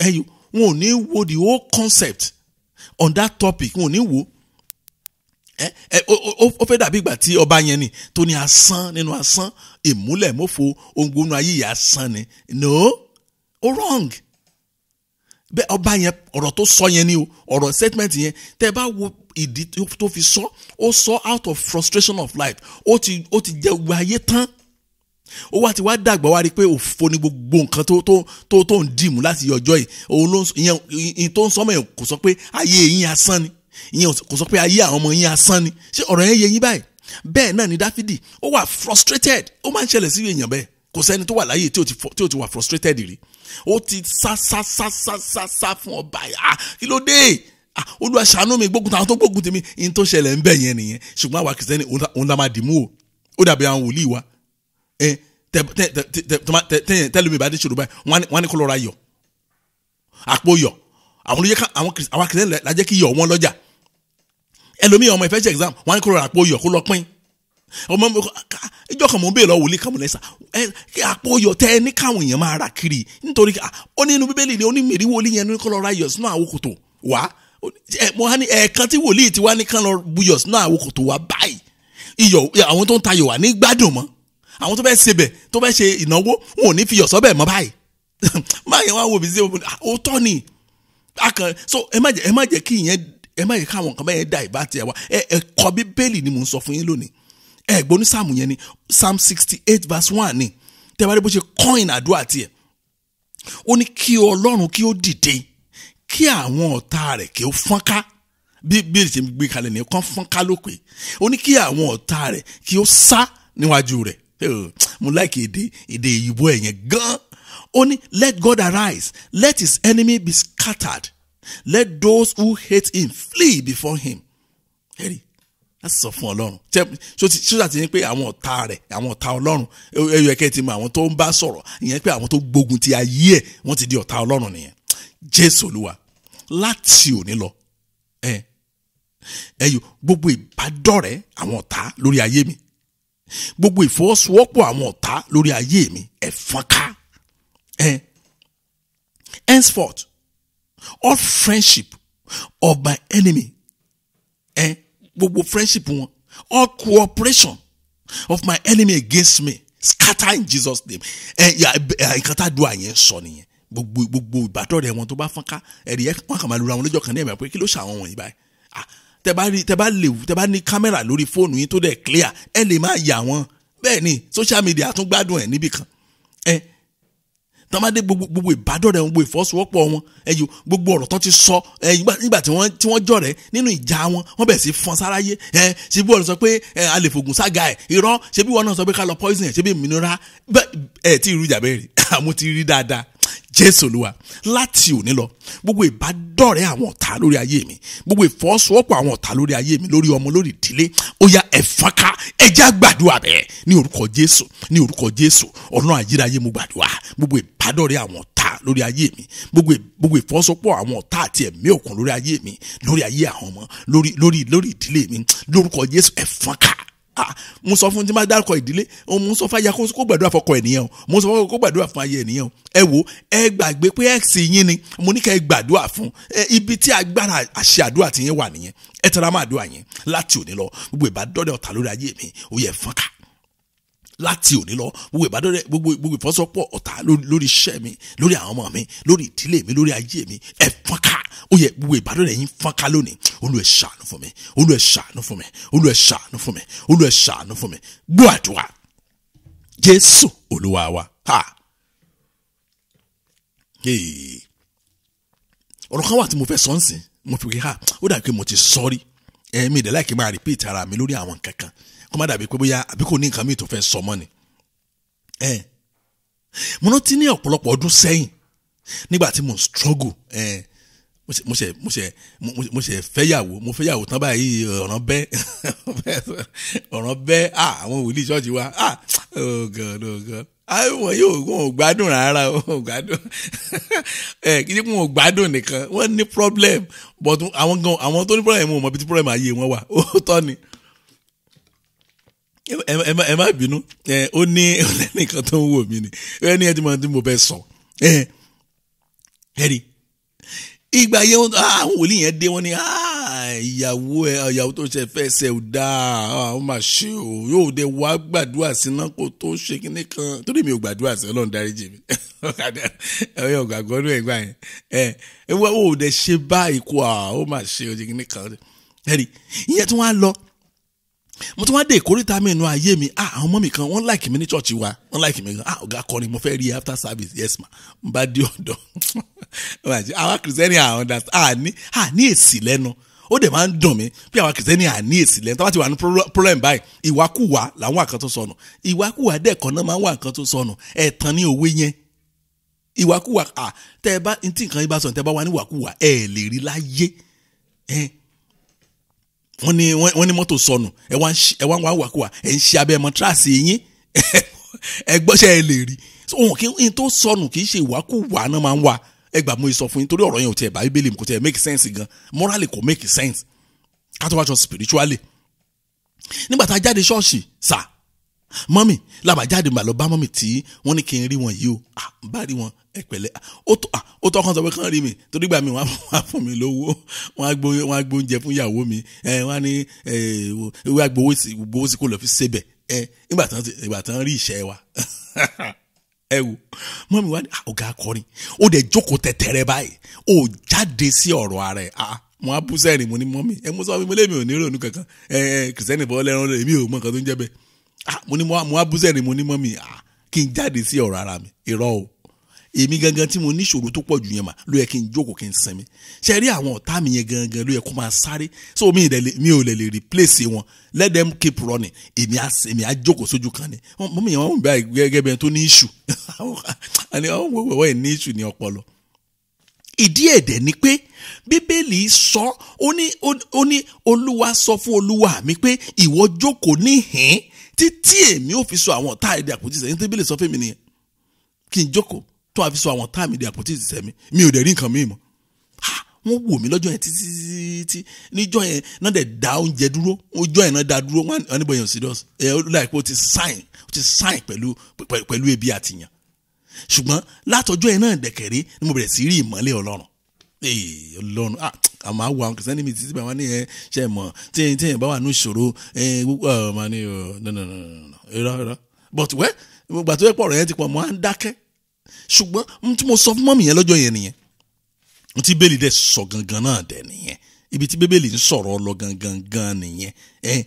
Speaker 1: ẹ̀yọ wọn ò ní wo the whole concept on that topic wọn ò ní wo ó fẹ́ dàbí ìgbà tí ọba yẹn ni tó ní asán nínú asán ìmúlẹ̀ mọ́fọ ongbonu ayé yìí asán ni no ó wrong bẹ́ẹ̀ ọba yẹn ọ̀rọ̀ tó sọ yẹn ni o ọ̀rọ̀ statement yẹn tẹ́ ẹ bá wo ìdí tó fi sọ ó sọ out of frustration of life ó ti ó ti jẹ gbogbo ayé tán ó wá ti wá dàgbà wá rí i pé òfo ni gbogbo nǹkan tó tó tó tó ń dìmú láti ọjọ́ yìí òun ló ń sọ ìyẹn tó ń sọ mọ́ yẹn kò sọ pé ayé yín asán ni ìyẹn kò sọ pé ayé àwọn ọmọ yín asán ni ṣé ọ̀rọ̀ yẹn yé yín báyìí bẹ́ẹ̀ náà ni dáfídì ó wà frustrated ó máa ń ṣẹlẹ̀ sí èèyàn bẹ́ẹ̀ kò sẹ́ni tó wà láyé tí ó ti wà frustrated rí ó ti sá sá sá sá sá sá fún ọba yà ah, kí ló dé ah, olúwa ṣàánú mi gbógun táwọn tó gbógun tèmi ìyẹn tó ṣẹlẹ̀ ń bẹ̀ yẹn nìyẹn ṣùgbọ́n àwa kìsẹ́ni òun la máa dì mú o ó dàbí àwọn wòlíì wa tẹ́lẹ̀ mi bá dé ṣòro báyìí wọ́n á ní kó lọ́ra yọ àpò yọ àwọn kìsẹ́ni lajẹ́ kí yọ wọn lọ́jà ẹlòmíì ọmọ ìfẹ́ ṣe exam wọn kúrò àpò iyọ̀ kó lọ pín ọmọ mi ìjọ kan mò ń bèèrè lọ wòlíì kàmú lẹ́sà àpò iyọ̀ tẹ ẹ ní káwọn èèyàn máa rà kiri nítorí ó ní inú bíbélì ni ó ní mèrí wòlíì yẹn ní kọ́ lọ ra iyọ̀ sínú àwọn kòtò wá mo hàn ní ẹ̀ẹ̀kan tí wòlíì ti wá ní kán lọ buyọ̀ sínú àwọn kòtò wá báyìí iyọ̀ àwọn tó ń tayọ̀ wà ní gbádùn mọ́ àwọn tó fẹ́ ṣe bẹ̀ tó fẹ́ ṣe ìnáwó wọn ò ní fi yọ̀sọ́ bẹ̀ [laughs] so ẹ má jẹ́ ẹ má yẹ káwọn nǹkan bẹ́ẹ̀ dà ìbá tiẹ̀ wá ẹ ẹ kọ́ bíbélì ni mò ń sọ fún yín lónìí ẹ gbọ́ sáàmù yẹn ni psalm sixty eight verse one ni tẹ́ bá rí bó ṣe kọ́ìn àdúrà tiẹ̀ ó ní kí ọlọ́run kí ó dìde kí àwọn ọ̀tá rẹ̀ kí ó fọ́nká bí bíi ṣe gbé kalẹ̀ ní kán fọ́nká lópin ó ní kí àwọn ọ̀tá rẹ̀ kí ó sá níwájú rẹ̀ mo láìkè èdè èdè ìyìnbó ẹ̀yẹn gan ó ní let God arise let his enemy be scattered let those who hate him flee before him ẹ̀rí láti sọ fún ọlọ́run ṣóṣà ti ní pé àwọn ọ̀tá rẹ̀ àwọn ọ̀tá ọlọ́run ẹ̀yọ ẹ̀kẹ́ ti mọ àwọn tó ń bá sọ̀rọ̀ ìyẹn pé àwọn tó gbógun ti ayé ẹ̀ wọ́n ti di ọ̀tá ọlọ́run nìyẹn jésù olúwa láti òní lọ ẹ ẹyọ gbogbo ìbádọ́rẹ̀ẹ́ àwọn ọ̀tá lórí ayé mi gbogbo ìfọwọ́sowọ́pọ̀ àwọn ọ̀tá lórí ayé mi ẹ fọ́n ká ẹ henceforth all friendship of my enemy eh? gbogbo friendship wọn all cooperation of my enemy against me scatter in Jesus name ẹ eh, eh, nǹkan tá a dùn àyẹn sọ nìyẹn gbogbo gbogbo ìbátọ̀ rẹ̀ wọn tó bá fọ́n ká ẹ̀rí ẹ̀ wọn kàn máa lura wọn lọ́jọ́ kan ní ẹ̀mí pé kí ló ṣàwọn wọ̀nyí báyìí ah tẹ bá rí tẹ bá lè tẹ bá ní kámẹ́rà lórí fóònù yín tó dẹ̀ clear ẹ lè máa yà wọn bẹ́ẹ̀ ni social media tún gbádùn ẹ̀ níbì kan ẹ eh, tọ́mádé gbogbo ìbádọ́rẹ̀ wọn gbogbo ìfọ́sowọ́pọ̀ wọn ẹ̀yọ gbogbo ọ̀rọ̀ tán ti sọ nígbà tí wọ́n tí wọ́n jọ̀rẹ́ nínú ìjà wọn wọ́n bẹ̀ sí fọn sáráyé ẹ̀ ṣe bí wọ́n sọ pé ẹ̀ a lè fògùn ságà ẹ̀ irọ́ ṣe bí wọ́n náà sọ pé ká lọ poison ẹ̀ ṣe bí mineral ẹ̀ tí ìrú ìjà bẹ́ẹ̀ rí [laughs] àmọ́ ti rí dáadáa jésù olúwa láti òní lọ gbogbo ìbádọ́rẹ̀ẹ́ àwọn ọ̀tá lórí ayé mi gbogbo ìfọwọ́sowọ́pọ̀ àwọn ọ̀tá lórí ayé mi lórí ọmọ lórí ìdílé ó yá ẹ̀fọ́nká ẹja gbàdúrà bẹ́ẹ̀ ní orúkọ jésù ní orúkọ jésù ọ̀nà àjíráyé mo gbàdúrà gbogbo ìbádọ́rẹ̀ẹ́ àwọn ọ̀tá lórí ayé mi gbogbo gbogbo ìfọwọ́sowọ́pọ̀ àwọn ọ̀tá àti ẹ̀mí òkun lórí ayé mi lórí ayé àwọn ọmọ lórí lórí lórí ìdílé mi lórúkọ jésù ẹ̀fọ́nká Ah, mo sọ fún tí máa dárúkọ ìdílé mo sọ fún aya kó gbàdúrà fọkọ ènìyàn o mo sọ fún kó gbàdúrà fún aya ènìyàn o ẹ wo ẹ gbàgbé pé x yín ni mo ní kẹ́ ẹ gbàdúrà fún ibi tí agbára àṣẹ àdúrà ti yẹn wà nìyẹn ẹ tẹra mọ́ àdúrà yẹn láti òní lọ gbogbo ìbádọ́dẹ̀ ọ̀tá lórí ayé mi ó yẹ fọ́nká láti òní lọ gbogbo ìbádọ́rẹ́ gbogbo ìfọ́sọ́pọ̀ ọ̀tá lórí iṣẹ́ mi lórí àwọn ọmọ mi lórí ìdílé mi lórí ayé mi ẹ fọ́nká ó yẹ gbogbo ìbádọ́rẹ́ yín fọ́nká lónìí Olúwa ṣàánú fún mi Olúwa ṣàánú fún mi Olúwa ṣàánú fún mi Olúwa ṣàánú fún mi gbọ́ àdúrà Jésù Olúwa wa ha ọ̀rọ̀ kan wà tí mo fẹ́ sọ́nsìn mo fi ha ó dàbí pé mo ti sọ́rí ẹ̀mí ìdẹ́láìkí máa rìpíìtì ara mi lórí àwọn kankan kó má dàbí pé bóyá àbí kò ní nǹkan míì tó fẹ́ sọ mọ́ ni. Eh. mo rántí ní ọ̀pọ̀lọpọ̀ ọdún sẹ́yìn nígbà tí mo ń struggle eh. mo ṣe mo ṣe mo ṣe fẹ́yàwó mo fẹ́yàwó tán báyìí ọ̀ràn bẹ́ [laughs] ọ̀ràn bẹ́ àwọn wòlíì ṣọ́ọ̀ṣì wa ah oh god oh god wọn yóò wọn ò gbádùn rárá wọn ò gbádùn [laughs] ẹ kí ni wọn ò gbádùn nìkan wọn ní problem but àwọn gan àwọn tó ní problem wọn ò mọ ibi tí problem ayé wọn wà ó tọ́ ni ẹ má bínú ó ní ẹnìkan tó ń wò mí ni ẹ ní ẹ ti mọ tí mo fẹ́ sọ ẹ rí ìgbà yẹn ah, àwọn wòlíì yẹn dé wọn ni ah, ìyàwó ẹ ìyàwó tó ṣe fẹ́ ṣe ò dáa ah, ó mà ṣe o yóò dé wá gbàdúrà sí náà kó tó ṣe kíní kan torí mi ò gbàdúrà sí ọlọ́run dáríjì mi ẹ̀yọ́ ọ̀gàgọ́ ọdún ẹ̀gbà yẹn ẹ̀ ẹ̀ wọ́n ò dẹ̀ ṣe báyìí kó ó mà ṣe o ṣe kíní kan ẹ̀rí ìyẹn tí wọ́n á lọ mo tún wá dé ìkórìtà mi inú ayé mi ah àwọn ọmọ mi kan wọ́n like mi ní church wa wọ́n like mi gan ah ọ̀gá kọrin mo fẹ́ rí after service yes ma n bá dé ọ̀dọ̀ [laughs] àwa kìrìsìtẹ́nì àwọn ọ̀dà à ní èsì lẹ́nu ó dẹ̀ máa ń dùn mí pé àwa kìrìsìtẹ́nì àní èsì lẹ́nu tó bá ti wà ní problem báyìí ìwàkúwà làwọn àkàn tó sọnù ìwàkúwà dẹ́ẹ̀kan náà máa ń wà nǹkan tó sọnù ẹ̀tàn ní òwe yẹn ìwàkúwà à ah, tẹ́ ẹ bá ntí nǹkan yín bá sọ̀rọ̀ tẹ́ ẹ bá wà ní ìwàkúwà ẹ̀ lè rí láyé ẹ̀ wọ́n ní wọ́n ní mọ́tò sọnù ẹ wá ẹ wá wá wàkúwà ẹ ń ṣe abẹ́ mọ́tírasì yín [laughs] ẹ gbọ́sẹ̀ ẹ lè rí ohun kí n tó sọnù kì í ṣe ìwákùwà náà máa ń wà ẹ gbà mú ìsọfún yín torí ọ̀rọ̀ yẹn ò tiẹ̀ bá bíbélì kò tiẹ̀ make sense gan morally kò make sense ká tó spiritually nígbà tá a jáde ṣọ́ọ̀ṣì sáà mọ́mì làbàjáde mà lọ bá mọ́mì tí wọ́n ní kí n rí wọn yìí o à ń bá rí wọn ẹ ó tọ́ kan sọ pé kán rí mi torí gbà mí wọ́n á fún mi lówó wọ́n á gbó oúnjẹ fún ìyàwó mi wọ́n á ní ìwé agbowó sí kò lọ́ọ́ fi ṣébẹ̀ nígbà tán rí ìṣẹ́ wa [laughs] ẹ wò mọ́mì wa ní ọ̀gá akọrin ó dẹ̀ jókòó tẹ̀tẹ̀rẹ̀ báyìí ó jáde sí ọ̀rọ̀ ara ẹ̀ mo á bú sẹ́rìn mo ní mọ́mì ẹ mú sọ́ọ́ mi mo lé mi ò ní ronú kankan ẹ kìrìsẹ́nì bọ́ lẹ́rán lé mi ò mọ nǹkan tó ń jẹ́ bẹ́ẹ̀ Ah, mo ní mo abúzẹ̀ ni mo ní mọ́ mi ah, kí n jáde sí ọ̀rọ̀ ara mi irọ́ o èmi gangan tí mo níṣòro tó pọ̀ jù yẹn mà ló yẹ kí n jókòó kí n sinmi ṣe rí àwọn ọ̀tá mi yẹn gangan ló yẹ kó máa sáré so mi ò lè lè replace wọn let them keep running èmi á èmi á jókòó sójú kan ni mọ́mí yẹn wọ́n mú bá gẹ́gẹ́ bẹ́ẹ̀ tó ní issue àní [laughs] àwọn wẹ̀wẹ̀ ẹ̀ ní issue ní ọpọlọ. ìdí ẹ̀dẹ̀ ni pé bíbélì sọ ó ní olúwa sọ fún olúwa mi pé ìwọ jókòó níhìn-ín títí èmi ò fi sọ àwọn ọ̀tá èdè àpótí ìṣẹ̀yìn tó bílẹ̀ sọ fún mi nìyẹn kí n jókòó tó a fi sọ àwọn ọ̀tá mi èdè àpótí ìṣẹ̀mí mi ò dẹ̀ rí nǹkan míì mọ́ wọ́n wò mí lọ́jọ́ yẹn títí títí níjọ́ yẹn náà dẹ̀ da oúnjẹ dúró ọjọ́ yẹn náà da dúró wọ́n ní bọ̀yàn serious ẹ̀ ọ́ láìpẹ́ ó ti sign ó ti sign pẹ̀lú pẹ̀lú ebi àtìyàn ṣùgbọ́n látọjọ́ yẹn náà dẹ̀kẹ̀rẹ́ ni mo bẹ̀rẹ̀ sí rí ìmọ́lẹ̀ Ọlọ́run ọlọ́run ah, àmọ́ àwọn àwọn kìsẹ́ni mi títí bàbá nìyẹn ṣe mọ̀ tíyẹn tíyẹn bá wà ní ìṣòro ọmọ ni irọ́ irọ́ but wẹ́ gbogbo àti ẹ̀pọ̀ rẹ̀ yẹn ti pọ̀ mọ́ à ń dákẹ́ ṣùgbọ́n tí mo sọ fún mọ́mì yẹn lọ́jọ́ yẹn nìyẹn tí bẹ́ẹ̀lì dẹ̀ sọ gangan náà dẹ̀ nìyẹn ibi tí bẹ́ẹ̀lì ń sọ̀rọ̀ lọ gangan gan nìyẹn ẹ̀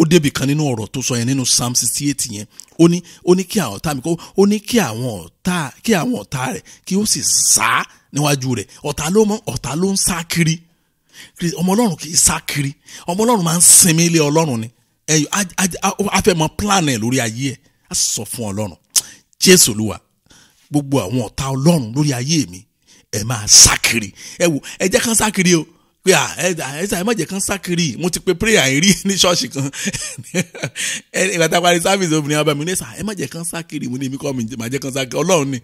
Speaker 1: ó débi kan nínú ọ̀rọ̀ tó sọ yẹn nínú psalm sixty eight yẹn ó ní ó ní kí àwọn ọ̀tá mi kó ó ní kí àwọn ọ̀tá kí àwọn ọ̀tá rẹ̀ kí ó sì sá níwájú rẹ̀ ọ̀tá ló mọ ọ̀tá ló ń sá kiri ọmọ ọlọ́run kì í sá kiri ọmọ ọlọ́run máa ń sinmi ilé ọlọ́run ni ẹyọ afẹ́mọ plan ẹ̀ lórí ayé ẹ̀ a sọ fún ọlọ́run jésù olúwa gbogbo àwọn ọ̀tá ọlọ́run lórí ayé mi ẹ̀ máa sá kiri ẹ wò ẹ jẹ́ kán sá kiri o pé à ẹ̀sà ẹ̀ má jẹ́ kán sákiri mo ti pe prayer yìí rí ní ṣọ́ọ̀ṣì kan ìgbà tá a parí service obìnrin abàmì ní ẹ̀sà ẹ̀ má jẹ́ kán sákiri mo ní èmi kọ́ mi má jẹ́ kán sákiri ọlọ́run ni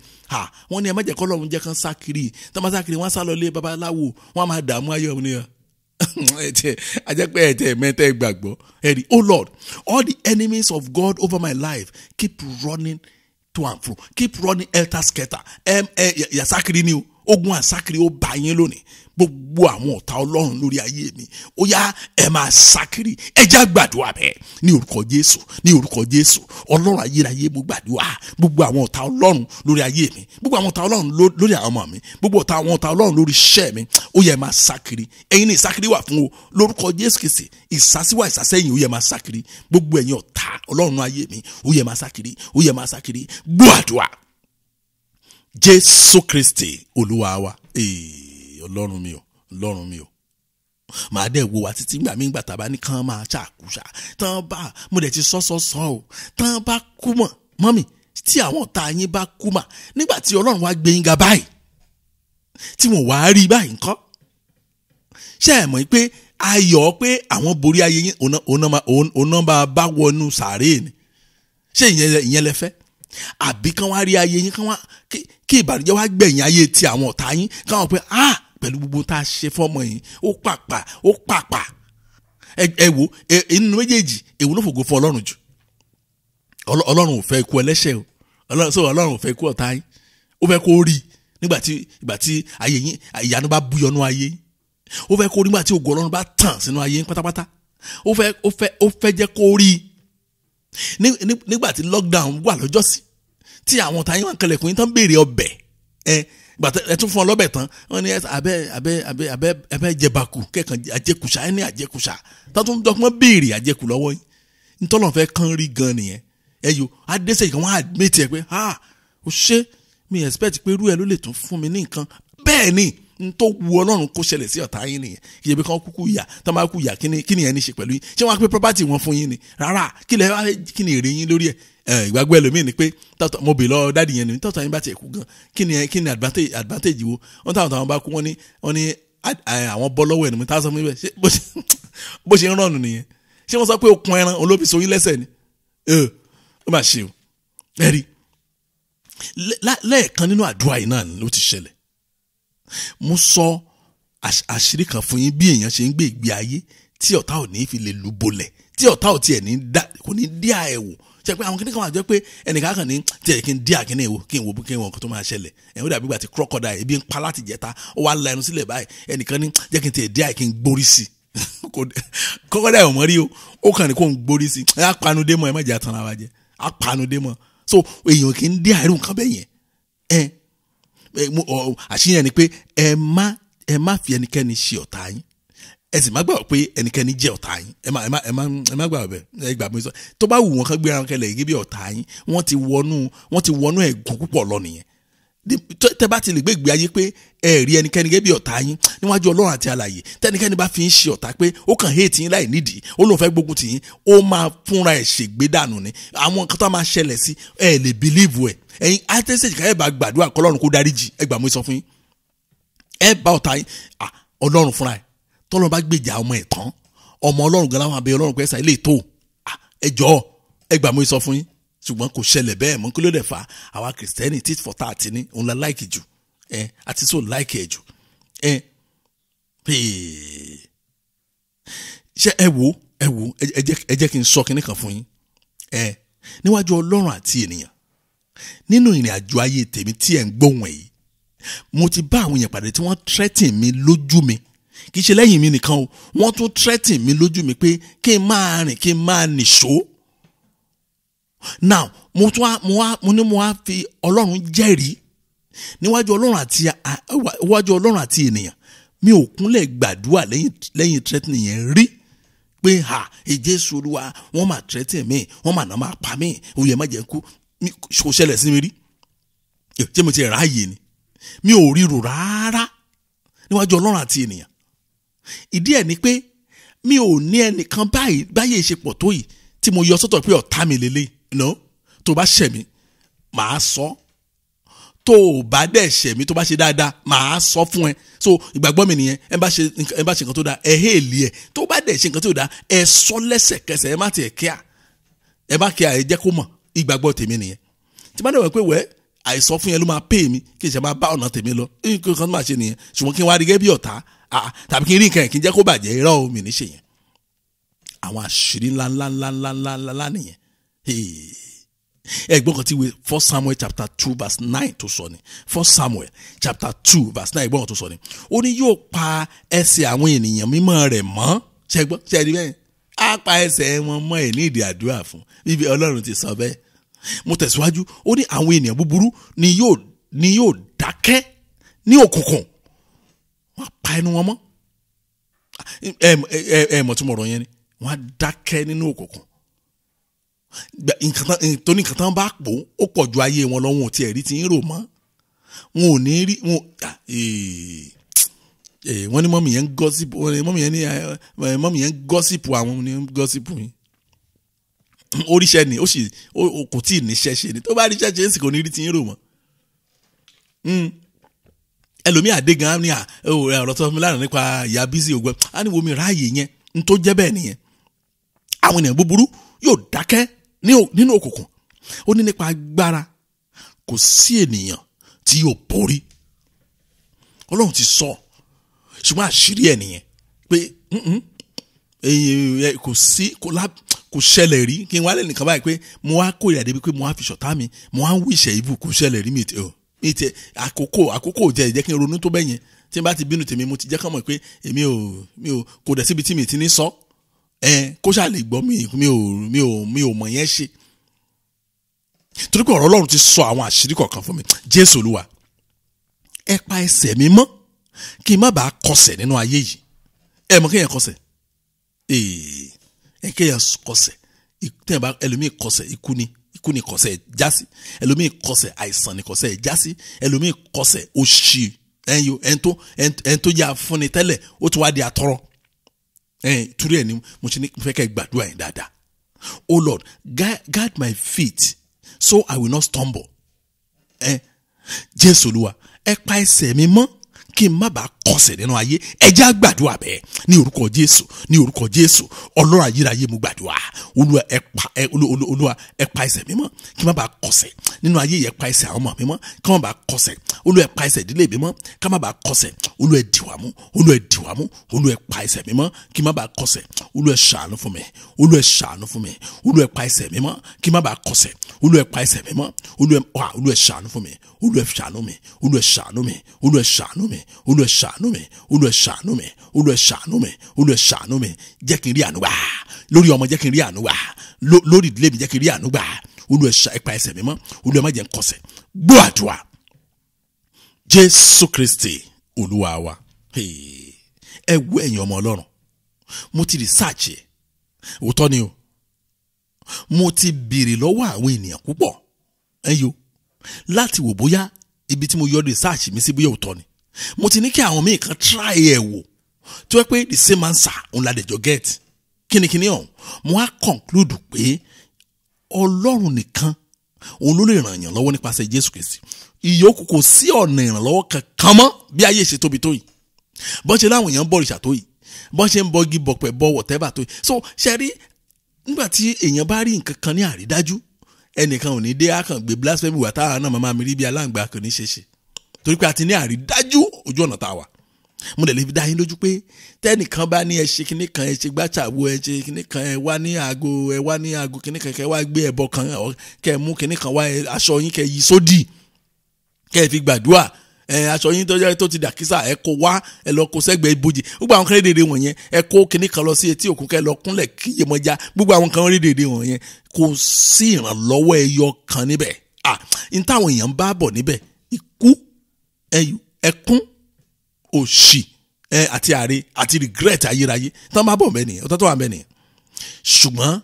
Speaker 1: wọ́n ní ẹ̀ má jẹ́ kọ́ ọlọ́run jẹ́ kán sákiri tó má sákiri wọ́n á sá lọ lé babaláwo wọ́n á máa dààmú ayé ọ̀hún ni ẹ̀tẹ̀ ajẹ́pẹ́ ẹ̀tẹ̀ mẹ́tẹ́ gbàgbọ́ ẹ̀rí oh lord all the enemies of god over my life keep running to and fro keep running elter skelter ẹ̀ ẹ̀ yasakiri ni o ogun àsákiri ó bá yín lónìí gbogbo àwọn ọ̀tá ọlọ́run lórí ayé mi ó yá ẹ máa sákiri ẹjẹ́ àgbàdua bẹ́ẹ̀ ní orúkọ jésù ní orúkọ jésù ọlọ́run ayérayé mo gbàdúrà gbogbo àwọn ọ̀tá ọlọ́run lórí ayé mi gbogbo àwọn ọ̀tá ọlọ́run lórí àwọn ọmọ mi gbogbo ọ̀tá àwọn ọ̀tá ọlọ́run lórí iṣẹ́ mi ó yẹ máa sákiri ẹ̀yin ní ìsákiri wà fún o lórúkọ jésù kìsì ìsásíwá ìsásẹ́yìn ó yẹ máa sákiri gbogbo ẹ̀yin ọ̀tá ọlọ́run ayé mi ó yẹ máa sákiri ó yẹ máa sákiri gbọ́ àdúrà jésù kristi olúwa wa ọlọ́run mi o ọlọ́run mi o màá dẹ̀ wo wa títí gbà mí gbà tàbá ní kán máa ṣàkúṣà tán bá mo dẹ̀ ti sọ́sọ́ sàn o tán bá kú mọ̀ mọ́mì tí àwọn ọ̀tá yín bá kú mà nígbà tí ọlọ́run wá gbé yín ga báyìí tí mo wá rí báyìí ńkọ́ ṣé ẹ mọ̀ pé ayọ̀ pé àwọn borí ayé yín òun náà bá wọnú sàárè ni ṣé ìyẹn lẹ fẹ́ àbí kán wá rí ayé yín kán wá kí ìbànújẹ́ wá gbẹ̀yìn ayé ti àwọn ọ̀tá yín káwọn pé ah pẹ̀lú gbogbo tá a ṣe fọ́mọ yìí ó pàpà ó pàpà ẹ wo inú méjèèjì èwo ló fògo fún ọlọ́run jù ọlọ́run ò fẹ́ ikú ẹlẹ́ṣẹ̀ o ọlọ́run sọ ọlọ́run ò fẹ́ ikú ọ̀tá yín ó fẹ́ kó rí nígbà tí ìgbà tí ayé yín ìyanu bá búyọnú ayé yín ó fẹ́ kó rí nígbà tí ògo ọlọ́run bá tàn sínú ayé yín pátápátá ó fẹ́ ó fẹ́ ó fẹ́ jẹ́ kó rí nígbà tí lockdown wà lọ́jọ́sí tí àwọn tàyín wọn kẹlẹ̀kùn yín tán béèrè ọbẹ̀ ẹ gbàtẹ ẹ tún fún ọ lọ́bẹ̀ tán wọn ni abẹ abẹ abẹ abẹ abẹ jẹbaku kẹkàn àjẹkùsà ẹ ní àjẹkùsà tọ́tún dọ́gbọ́n béèrè àjẹkù lọ́wọ́ yín ntọ́lọ́fẹ́ kan rí gan nìyẹn ẹ yo adẹ́sẹ̀ kan wọ́n á admit ẹ pé ha ó ṣe mi expect pé irú ẹ ló lè tún fún mi ní nǹkan bẹ́ẹ̀ ni tó wu ọlọ́run kó ṣẹlẹ̀ sí ọ̀tá yín nìyẹn kì í ṣe pé kán kúkú yà tán bá kú yà kí ni ẹni ṣe pẹ̀lú yín ṣé wọ́n á pé property wọn fún yín ni rárá kí lẹ kí ni èrè yín lórí ẹ̀ ìgbàgbọ́ ẹlòmíì ni pé mo bè lọ dáàdì yẹn ni tọ́tọ̀ yín bá tiẹ̀ kú gan kí ni kí ni advantage advantage wo wọ́n táwọn táwọn bá kú wọ́n ní wọ́n ní àwọn bọ́ lọ́wọ́ ẹ̀nu mi táwọn sọ fún mi bẹ́ẹ̀ [laughs] bó ṣe ń rọ̀nù nìyẹn ṣé wọ́n sọ pé okun ẹran olóbi soyin lẹ́sẹ̀ mo sọ àṣírí kan fún yín bí èèyàn ṣe ń gbé ìgbé ayé tí ọ̀tá ò ní fi lè lu bolẹ̀ tí ọ̀tá ò tiẹ̀ ní dá kò ní dí àẹ̀ wò ṣe pé àwọn kìnìkan wà jẹ́ pé ẹnìkan kàn ní tiẹ̀ kí n dí àkínní ìwò kí n wo kí n wọ̀ nǹkan tó máa ṣẹlẹ̀ ẹ̀hún dàbí ìgbà tí crocodile ebi ń pa láti jẹta ó wá la ẹnu sílẹ̀ báyìí ẹnìkan ní jẹ́ kí n tiẹ̀ dí àì kí n gbórí sí [laughs] crocodile ò mọ̀ rí o ó kàn ní kó n gbórí sí ẹ̀ apanudé ẹ má jẹ́ àtàn ara wa so èèyàn kì í dí àìrù nǹkan bẹ́ẹ̀ yẹn Eh, oh, àṣírí ẹni pé ẹ má ẹ má fi ẹnikẹ́ni ṣe ọ̀tá yín ẹ sì má gbàgbọ́ pé ẹnikẹ́ni jẹ́ ọ̀tá yín ẹ má ẹ má ẹ má ẹ má gbàgbọ́ bẹ́ẹ̀ ẹ gbàgbọ́ sọ tó bá wù wọ́n kán gbéra wọn kẹlẹ̀ gẹ́gẹ́ bí ọ̀tá yín wọ́n ti wọnú wọ́n ti wọnú ẹ̀gàn púpọ̀ lọ nìyẹn tẹ bá ti lè gbé ìgbé ayé pé ẹ rí ẹnikẹ́ni gẹ́gẹ́ bí ọ̀tá yín níwájú ọlọ́run àti alààyè tẹnikẹ́ni bá fi ń ṣe ọ̀tá pé ó kàn hate yín láì nídìí ó lóun fẹ́ gbógun tì ó máa fúnra ẹ̀ ṣègbè dànù ni àwọn nǹkan tó máa ṣẹlẹ̀ sí ẹ lè believe ẹ̀ ẹ̀yin atẹ́sẹ̀jì ká ẹ bá gbàdúrà kọlọ́run kó dáríjì ẹ gbà mú sọ fún yín ẹ bá ọ̀tá yín ọlọ́run fúnra ẹ̀ tọ́lọ́run bá gbèjà ọmọ ẹ̀ tán ọmọ ọlọ́run gan láwọn abẹ́ ọlọ́run pẹ́sà ilé ètò ẹ jọ ẹ gbà mú sọ fún yín ṣùgbọ́n kò ṣẹlẹ̀ bẹ́ẹ̀ mọ́ kí ló dẹ̀ fa àwa kìrìsìtẹ́nì tit for tat ni òun la láìkì jù ẹ àti so láìkì ẹ̀ jù ẹ ṣe ẹ wo ẹ wo ẹ jẹ́ kí n sọ kinní kan fún yín ẹ níwájú ọlọ́run àti ènìyàn nínú ìrìn àjò ayé tèmi tí ẹ̀ ń gbóhùn èyí mo ti bá àwọn èèyàn pàdé tí wọ́n threaten mi lójú mi kì í ṣe lẹ́yìn mi nìkan o wọ́n tún threaten mi lójú mi pé kí n máa rìn kí n máa nìṣó now mo tún wá mo wá mo ní mo wá fi ọlọ́run jẹ́rìí níwájú ọlọ́run àti iwájú ọlọ́run àti ènìyàn mi ò kúnlẹ̀ gbàdúrà lẹ́yìn threatening yẹn rí pé ha ìjésù wọ́n máa threaten mi wọ́n máa ná máa pa mí òye má jẹ́ kú kò ṣẹlẹ̀ sí mi rí ṣé mo ti ráàyè ni mi ò ríru rárá níwájú ọlọ́run àti ènìyàn ìdí ẹ̀ ni pé mi ò ní ẹnìkan báyìí báyìí ìṣepọ̀ tó yìí tí mo yọ sọ́tọ̀ pé ọ̀tá mi lélẹ̀ no tó bá ṣẹ̀ mí màá sọ tó o bá dẹ̀ ṣẹ̀ mí tó bá ṣe dáadáa màá sọ fún ẹ so ìgbàgbọ́ mi nìyẹn ẹ bá ṣe ẹ bá ṣe nǹkan tó dáa ẹ héèlì ẹ tó bá dẹ̀ ṣe nǹkan tó dáa ẹ sọ lẹ́sẹ̀kẹsẹ̀ ẹ má tiẹ̀ kíá ẹ má kíá ẹ jẹ́ kó mọ̀ ìgbàgbọ́ tèmi nìyẹn tí bá dẹ̀ wọ̀ pé wẹ́ẹ́ àìsọ fún yẹn ló máa pè mí kí ìṣẹ̀ máa bá ọ̀nà tèmi lọ nǹkan kan máa ṣe nìyẹn ṣùgbọ́n kí n wá rí gẹ́gẹ́ bí ọ̀tá tàbí kí n rí nǹkan yẹn kí n jẹ́ kó bàjẹ́ irọ́ omi ní ṣe yẹn àwọn àṣírí ńláńláńláńláńlá nìyẹn ẹgbọ́n kan tí wé first samuel chapter two verse nine tó sọ ni first samuel chapter two verse nine ẹgbọ́n kan tó sọ ni ó ní yóò pa ẹsẹ̀ àwọn ènìyàn mímọ́ rẹ̀ mọ́ ṣẹgbọ́n ṣẹ́ẹ́dí bẹ́ẹ̀ á pa ẹsẹ̀ wọn mọ́ ẹ̀ ní ìdí àdúrà fún bíbí ọlọ́run ti sọ bẹ́ẹ̀ mo tẹ̀síwájú ó ní àwọn ènìyàn búburú ni yóò ni yóò dákẹ́ ní òkùnkùn wọ́n á pa ẹnu wọn mọ́ ẹ ẹ ẹ mọ̀ tí mo rọ̀ yẹn ni wọ́n á dákẹ́ nínú òkùnkùn tóní nǹkan tán bá pò ó pọ̀ ju ayé wọn lọ́wọ́ tí ẹ̀rí ti ń rò mọ́ wọn ò ní rí wọn Eh, wọ́n ní mọ́mì yẹn ń gọ́sìpù wọ́n ní mọ́mì yẹn ní eh, mọ́mì yẹn ń gọ́sìpù àwọn ní gọ́sìpù mi oríṣẹ́ ni ó sì kò tí ì níṣẹ́ ṣe ni tó bá ríṣẹ́ ṣe é sì kò ní rí ti ń rò mọ́ hmm. ẹlòmíà dé gan ni ọ̀rọ̀ tó fún mi lánàá nípa ìyá bísí ògbẹ́ á ní wo mi ráàyè yẹn n tó jẹ́ bẹ́ẹ̀ nìyẹn àwọn ènìyàn búburú yóò dákẹ́ nínú òkùnkùn ó ní nípa agbára kò sí ènìyàn tí yóò borí ọlọ́run ti sọ ọ́ ṣùgbọ́n àṣírí ẹ̀ nìyẹn pé kò sí kò ṣẹlẹ̀ rí kí n wá lè nìkan báyìí pé mo wá kó ìyàdé bíi pé mo wá fi ṣọ̀tá mi mo wá ń wí ìṣẹ̀ ibù kò ṣẹlẹ̀ rí mi tẹ o mi tẹ àkókò àkókò jẹ ìjẹ́ kí n ronú tó bẹ́yẹn tí n bá ti bínú tèmi mo ti jẹ́ kàn mọ̀ pé èmi ò mi ò kò dẹ̀ síbi tí mi ti ní sọ ẹ kó ṣáà lè gbọ́ mi mi ò mi ò mi ò mọ̀ yẹn ṣe torí pé ọ̀rọ̀ Ọlọ́run ti sọ àwọn àṣírí kọ̀ọ̀kan fún mi Jésù Olúwa ẹ pa ẹsẹ̀ mi mọ́ kí n má bàa kọsẹ̀ nínú ayé yìí ẹ mọ̀ kéèyàn kọsẹ̀ ee ẹ kéèyàn kọsẹ̀ tẹ́yìn bá ẹlòmíì kọsẹ̀ ikú ni ikú ni kọsẹ̀ ẹ já sí ẹlòmíì kọsẹ̀ àìsàn ni kọsẹ̀ ẹ já sí ẹlòmíì kọsẹ̀ òṣì ẹ̀yìn ẹ̀ńtó ẹ̀ńtó yà fúnni tẹ́lẹ̀ ó ti wá di àtọrọ ẹ̀yìn torí ẹ̀ ni mo ṣe ní fẹ́ gbàdúrà yẹn dáadáa O oh Lord, guard my feet so I will not stumble. Jésù Olúwa ẹ pa ẹsẹ̀ mi mọ́ kí n má bàa kọsẹ̀ nínú ayé ẹjẹ́ àgbàdua bẹ́ẹ̀ ní orúkọ jésù ní orúkọ jésù ọlọ́run ayérayé mo gbàdúrà olúwa ẹ̀pa ẹ olúwa ẹ̀pa ẹsẹ̀ mímọ́ kí n má bàa kọsẹ̀ nínú ayé yẹ pa ẹsẹ̀ àwọn ọmọ mímọ́ kí n má bàa kọsẹ̀ olúwa ẹ̀pa ẹsẹ̀ ìdílé mímọ́ kí n má bàa kọsẹ̀ olúwa ẹ̀dìwà mú olúwa ẹ̀dìwà mú olúwa ẹ̀pa ẹsẹ̀ mímọ́ kí n má bàa kọsẹ̀ olúwa ṣàánú fún mi olúwa ṣàánú fún mi olúwa ẹ̀pa ẹsẹ̀ mímọ́ mi olúwa ṣàánú mi olúwa ṣàánú mi mi olúwa ṣàánú mi olúwa ṣàánú mi olúwa ṣàánú mi olúwa ṣàánú mi jẹ́ kí n rí àánú gbà lórí ọmọ jẹ́ kí n rí àánú gbà lórí ìdílé mi jẹ́ kí n rí àánú gbà olúwa ṣà ẹ̀pà ẹsẹ̀ mi mọ́ olúwa má jẹ́ n kọsẹ̀ gbọ́ àdúrà jésù kristi olúwa wa ẹ wú ẹ̀yin ọmọ ọlọ́run mo ti research ẹ̀ òótọ́ ni o mo ti béèrè lọ́wọ́ àwọn ènìyàn púpọ̀ ẹ láti wò bóyá ibi tí mo yọ research mi sí bóyá òótọ́ ni mo ti ní kí àwọn míì kan try ẹ̀ wò tí wọ́n pé the same answer òun la dẹ̀jọ́ get kínníkínní ọ̀hún mo á conclude pé ọlọ́run nìkan òun ló lè ràn yàn lọ́wọ́ nípasẹ̀ jésù kristi ìyókù kò sí ọ̀nà ìrànlọ́wọ́ kankan mọ́ bí ayé ṣe tóbi tó yìí bọ́n ṣe láwọn èèyàn ń bọ òrìṣà tó yìí bọ́n ṣe ń bọ igi bọ̀pẹ̀ bọ wọ̀tẹ́bà tó yìí so ṣe rí nígbà tí èèyàn bá rí nǹkan kan ní àrídájú ẹnìkan ò ní dé á blasphemy wà táwọn náà máa mi rí bí aláǹgbá kò ní ṣe ṣe torí pé a ti ní àrídájú ojú ọ̀nà tá a wà mo lè lè fi dá yín lójú pé tẹ́nìkan bá ní ẹ ṣe kinní kan ẹ ṣe gbàtsàwó ẹ ṣe kinní kan ẹ wá ní aago ẹ wá ní aago kinní kan kẹ wá gbé ẹbọ kan kẹ mú kinní kan wá aṣọ yín kẹ yí sódì kẹ fi gbàdúrà ẹ aṣọ yín tó jẹ tó ti dà ẹ kó wá ẹ lọ kó sẹ́gbẹ̀ ibojì gbogbo àwọn kan rédèrè wọ̀nyẹn ẹ kó kinní kan lọ sí etí òkun kẹ lọ kúnlẹ̀ kíyèmọjá gbogbo àwọn kan rédèrè wọ̀nyẹn kò sí ìrànlọ́wọ́ ẹyọ kan níbẹ̀ ah n táwọn èèyàn bá ẹyù ẹkún òṣì ẹ àti àre àti regret ayérayé tán bá bọ̀ mẹ́nìyàn ọ̀tọ́ tó wà mẹ́nìyàn ṣùgbọ́n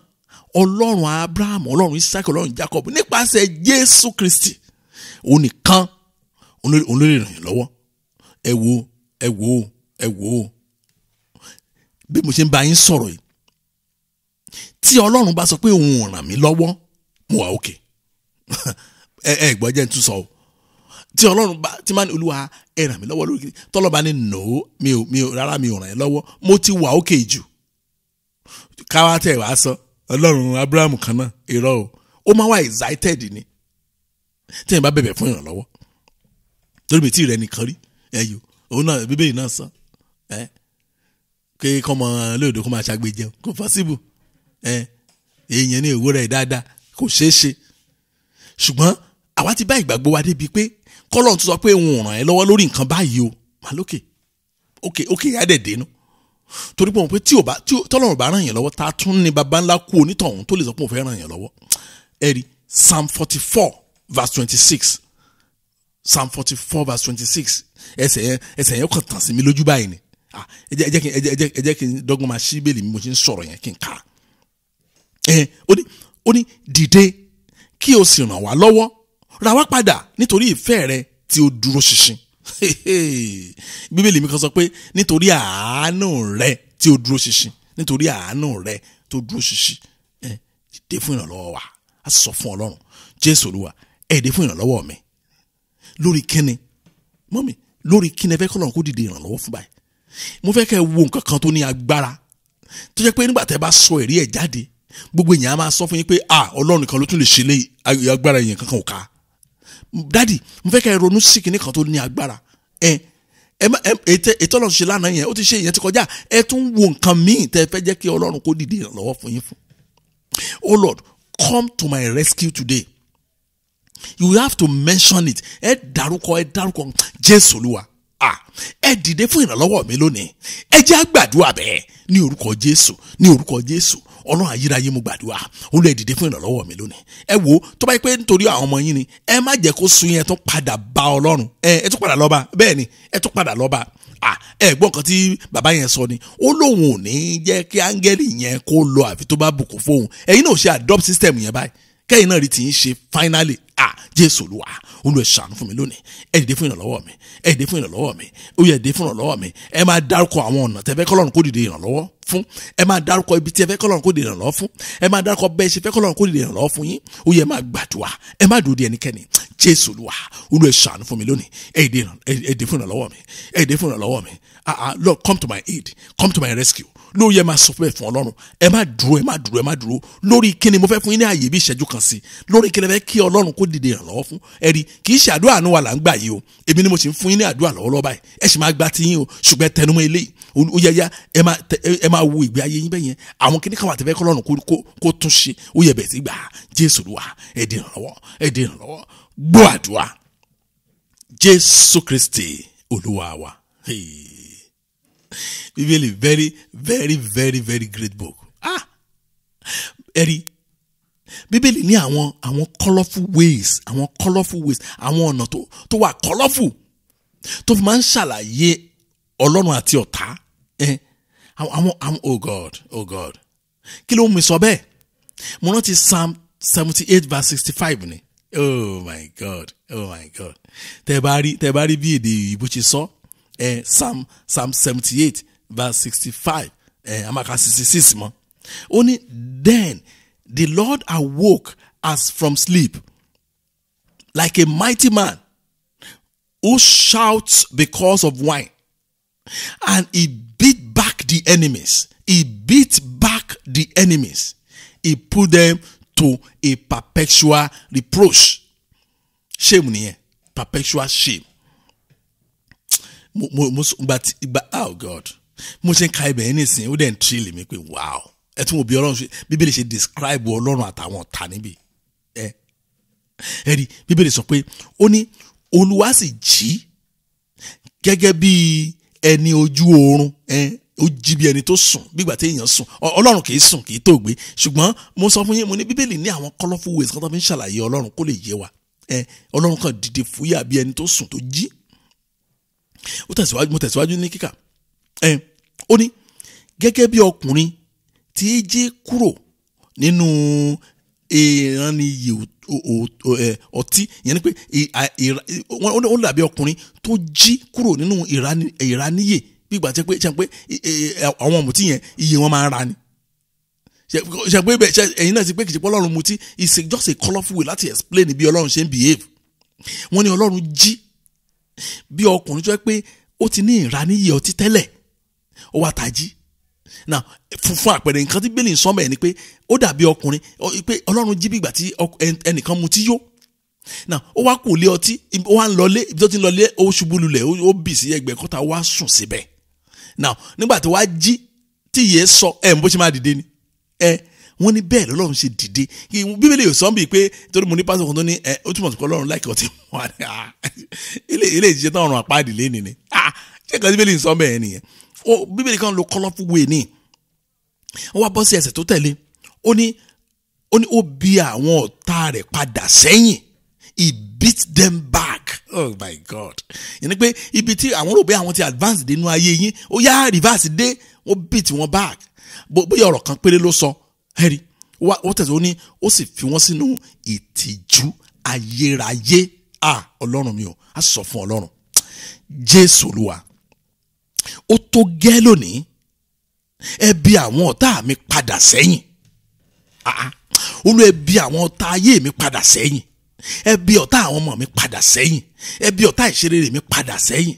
Speaker 1: ọlọ́run abraham ọlọ́run isaac ọlọ́run jacob nípasẹ̀ jésù kristi òun nìkan òun ló lè ràn lọ́wọ́ ẹ wo ẹ wo ẹ wo bí mo ṣe ń bá yín sọ̀rọ̀ yìí tí ọlọ́run bá sọ pé òun ràn mí lọ́wọ́ mo wà òkè [laughs] ẹ ẹ gbọ́ jẹ́ ń tún sọ o tí ọlọ́run bá tí máa ní olúwa ẹ ràn mí lọ́wọ́ lórí kìíní tọ́lọ́ba ní no mi ò mi ò rárá mi ò ràn ẹ́ lọ́wọ́ mo ti wà ókè jù káwá tẹ̀ wá sọ ọlọ́run abrahamu kan náà irọ́ o ó máa wá excited ni tẹ́yìn bá bẹ̀bẹ̀ fún ìrànlọ́wọ́ torí mi tí rẹ nìkan rí ẹ̀yọ́ òun náà bíbélì náà sọ ẹ́ pé kọ́mọ lóòdò kó máa ṣàgbé jẹun kò fọ́síbù ẹ̀ èèyàn ní òwúrọ̀ ẹ̀ dáadáa kò ṣeé ṣe ṣùgbọ́n àwa ti bá ìgbàgbọ́ wa débi pé kọ́lọ̀ tún sọ pé òun ò ràn ẹ́ lọ́wọ́ lórí nǹkan báyìí o mà lókè òkè òkè ìyá dẹ̀ dénú torí pé òun pé tí ò bá tí tọ́lọ́run bá ràn yàn lọ́wọ́ ta tún ní baba ńlá kú onítọ̀hún tó lè sọ pé òun fẹ́ ràn yàn lọ́wọ́ ẹ̀rí psalm forty four verse twenty six psalm forty four verse twenty six ẹsẹ̀ yẹn ẹsẹ̀ yẹn kàn tàn sí mi lójú báyìí ni ah, ẹ jẹ́ kí ẹ jẹ́ ẹ jẹ́ kí n dọ́gbọ́n máa ṣí bẹ́ẹ̀lì mi mo ti ń sọ̀rọ̀ yẹn kí n kà á ó ní dìde kí o sì ràn wá lọ́wọ́ ra wá padà nítorí ìfẹ́ rẹ tí ó dúró ṣinṣin [laughs] bíbélì mi kan sọ pé nítorí àánú rẹ tí ó dúró ṣinṣin nítorí àánú rẹ tó dúró ṣinṣin ẹ dìde fún ìrànlọ́wọ́ wa a sọ fún ọlọ́run jésù olúwa ẹ dìde fún ìrànlọ́wọ́ mi lórí kíni mọ́mi lórí kíni ẹ fẹ́ kọ́lọ́run kó dìde ìrànlọ́wọ́ fún báyìí mo fẹ́ kẹ́ ẹ wo nǹkan kan tó ní agbára tó jẹ́ pé nígbà tẹ́ bá sọ ẹ̀rí ẹ̀ jáde gbogbo èèyàn á máa sọ fún yín pé ah ọlọ́run kan ló tún lè ṣe lé agbára èèyàn kankan ò ká dadi mo fẹ́ kẹ́ ẹ ronú sí kinní kan tó ní agbára ẹ ètò ọlọ́run ṣe lánàá yẹn ó ti ṣe ìyẹn ti kọjá ẹ tún wo nǹkan míì tẹ́ ẹ fẹ́ jẹ́ kí ọlọ́run kó dìde ìrànlọ́wọ́ fún yín fún oh lord come to my rescue today you have to mention it ẹ dárúkọ ẹ dárúkọ jésù olúwa ah ẹ dìde fún ìrànlọ́wọ́ mi lónìí ẹ jẹ́ àgbàdua bẹ́ẹ̀ ní orúkọ jésù ní orúkọ jésù ọlọ́run ayérayé mo gbàdúrà olú ẹ̀ dìde fún ìrànlọ́wọ́ mi lónìí ẹ wo tó bá yẹ pé nítorí àwọn ọmọ yín ni ẹ má jẹ́ kó sun yẹn tó padà bá ọlọ́run ẹ ẹ tún padà lọ́ba bẹ́ẹ̀ ni ẹ tún padà lọ́ba ẹ gbọ́ nǹkan tí bàbá yẹn sọ ni ó lóun ò ní jẹ́ kí áńgẹ́lì yẹn kó lọ àfi tó bá bùkún fóun ẹ̀yin náà ṣe adopt system yẹn báyìí kẹ́yìn náà rí ti ń ṣe finally ah jésù olúwa olú ẹ ṣàánú fún mi lónìí ẹ dìde fún ìrànlọ́wọ́ mi ẹ dìde fún ìrànlọ́wọ́ mi ó yẹ dìde fún ìrànlọ́wọ́ mi ẹ máa dárúkọ àwọn ọ̀nà tẹ́fẹ́ kọ́lọ́run kó dìde ìrànlọ́wọ́ fún ẹ máa dárúkọ ibi tí ẹ fẹ́ kọ́lọ́run kó dìde ìrànlọ́wọ́ fún ẹ máa dárúkọ bẹ́ẹ̀ ṣe fẹ́ kọ́lọ́run kó dìde ìrànlọ́wọ́ fún yín ó yẹ máa gbàdúrà ẹ má dòde ẹnikẹ́ni jésù lùwà olú ẹ ṣàánú fún mi lónìí ẹ dìde fún ìrànlọ́wọ́ mi ẹ dìde fún ìrànlọ́wọ́ mi ah ah lord come to my aid come to my rescue lórí ẹ máa sọ bẹ́ẹ̀ fún ọlọ́run ẹ má dúró ẹ má dúró ẹ má dúró lórí kíni mo fẹ́ fún yín ní ààyè bí ìṣẹ́jú kan sí lórí kíni fẹ́ kí ọlọ́run kó dìde ìrànlọ́wọ́ fún ẹ rí kì í ṣe àdúrà àánú wa là ń gbà yìí o èmi ni mo sì ń fún yín ní àdúrà lọ́wọ́lọ́wọ́ báyìí ẹ sì máa gba ti yín o ṣùgbọ́n tẹnumọ́ eléyìí ó yẹ ya ẹ máa wo ìgbé ayé yín bẹ́yẹn àwọn kíní kan wà tẹ́fẹ́ kọ́lọ́run kó tún ṣe ó yẹ bẹ̀ẹ́ sí gbà jésù lùwà ẹ dì ìrànlọ́wọ́ ẹ dì ìrànlọ́wọ́ gbọ́ àdúrà jésù kristi olúwa wa. Hey bíbélì very very very very great book ah ẹ̀rí bíbélì ní àwọn àwọn colourful ways àwọn colourful ways àwọn ọ̀nà tó tó wà colourful tó fi máa ń ṣàlàyé ọlọ́run àti ọ̀tá àwọn àwọn oh god oh god kí ló ń mi sọ bẹ́ẹ̀ mo rántí psalm seventy eight verse sixty five ni oh my god oh my god tẹ bá rí tẹ bá rí bí èdè ìbú ṣe sọ eh, psalm psalm seventy eight verse sixty five eh, amaka sixty six Only then the lord awoke as from sleep like a mighty man who shouts because of wine and he beat back the enemies he beat back the enemies he put them to a perpetual reproach shame perpetual shame mo mo gba oh god mo ṣe ń ka ibẹ̀ yẹn nísìnyí ó dẹ̀ mi pé wow ẹ tún wò bí ọlọ́run ṣe describe ọlọ́run àtàwọn ọ̀tá níbí ẹ eh. Eri bíbélì sọ pé Oni ní olúwa sì jí gẹ́gẹ́ bí ẹni ojú oorun ẹ ó jí bí ẹni tó sùn bígbà tí èèyàn sùn ọlọ́run kì í sùn kì í tòògbé mo sọ fún yín mo ní bíbélì ní àwọn colourful ways kan tó fi ń ṣàlàyé ọlọ́run kó lè yé wa ẹ ọlọ́run kan dìde fúyà bí ẹni tó sùn tó jí ó tẹ̀síwájú mo tẹ̀síwájú ní kíkà ẹ̀ ó ní gẹ́gẹ́ bí ọkùnrin tí í jí kúrò nínú ìrànìyè ọtí ìyẹn ni pé ó dàbí ọkùnrin tó jí kúrò nínú ìrànìyè bí ìgbà tí ṣe pé àwọn ọmọ tí yẹn iye wọn máa ń ra ni ṣe pé ẹ̀yin náà ti pé kìtìpọ̀ ọlọ́run mutí it's just a colourful way láti explain bí ọlọ́run ṣe ń behave wọ́n ní ọlọ́run jí bí ọkùnrin tó yẹ pé ó ti ní ìraníyè ọtí tẹ́lẹ̀ ó wá tají now funfun àpẹẹrẹ nǹkan tí bẹ́ẹ̀lì ń sọ́mọ̀ ẹ̀ ni pé ó dàbí ọkùnrin pé ọlọ́run jí bí ìgbà tí ẹnìkan mutí yó now ó wá kò lé ọtí ó wá ń lọlé ibi tó ti ń lọlé ó ṣubú lulẹ̀ ó bì sí ẹgbẹ́ kọ́ta ó wá sùn síbẹ̀ now nígbà tó wá jí tí yéé sọ ẹ̀ ń bó ṣe máa dìde ni ẹ̀ eh, wọ́n ní bẹ́ẹ̀ lọ́lọ́run ṣe dìde bíbélì yóò sọ́n bíi pé torí mo ní pásítọ̀ kan tó ní ẹ ó túmọ̀ sí pé ọlọ́run láìkẹ́ ọtí wọn àti ilé ilé ìṣiṣẹ́ tán ọ̀run àpáàdì lẹ́ni ni ah, ṣé kan bíbélì ń sọ bẹ́ẹ̀ nìyẹn bíbélì kan lo kọ́lọ́fù wé ni ó wá bọ́ sí ẹsẹ̀ tó tẹ̀lé ó ní ó ní ó bí àwọn ọ̀tá rẹ̀ padà sẹ́yìn he beat them back oh my god yẹn ni pé ibi tí àwọn rò pé àwọn ti advance dénú ayé yín ó yá reverse dé ó beat wọn back bóyá ọ̀rọ̀ kan péré ló sọ ẹ̀rí wọ́n tẹ̀sán ó ní ó sì fi wọ́n sínú ìtìjú ayérayé à ọlọ́run mi ò á sọ fún ọlọ́run jésù olúwa ó tó gẹ́ lónìí ẹbí àwọn ọ̀tá mi padà sẹ́yìn olú ẹbí àwọn ọ̀tá ayé mi padà sẹ́yìn ẹbí ọ̀tá àwọn ọmọ mi padà sẹ́yìn ẹbí ọ̀tá ìṣeré mi padà sẹ́yìn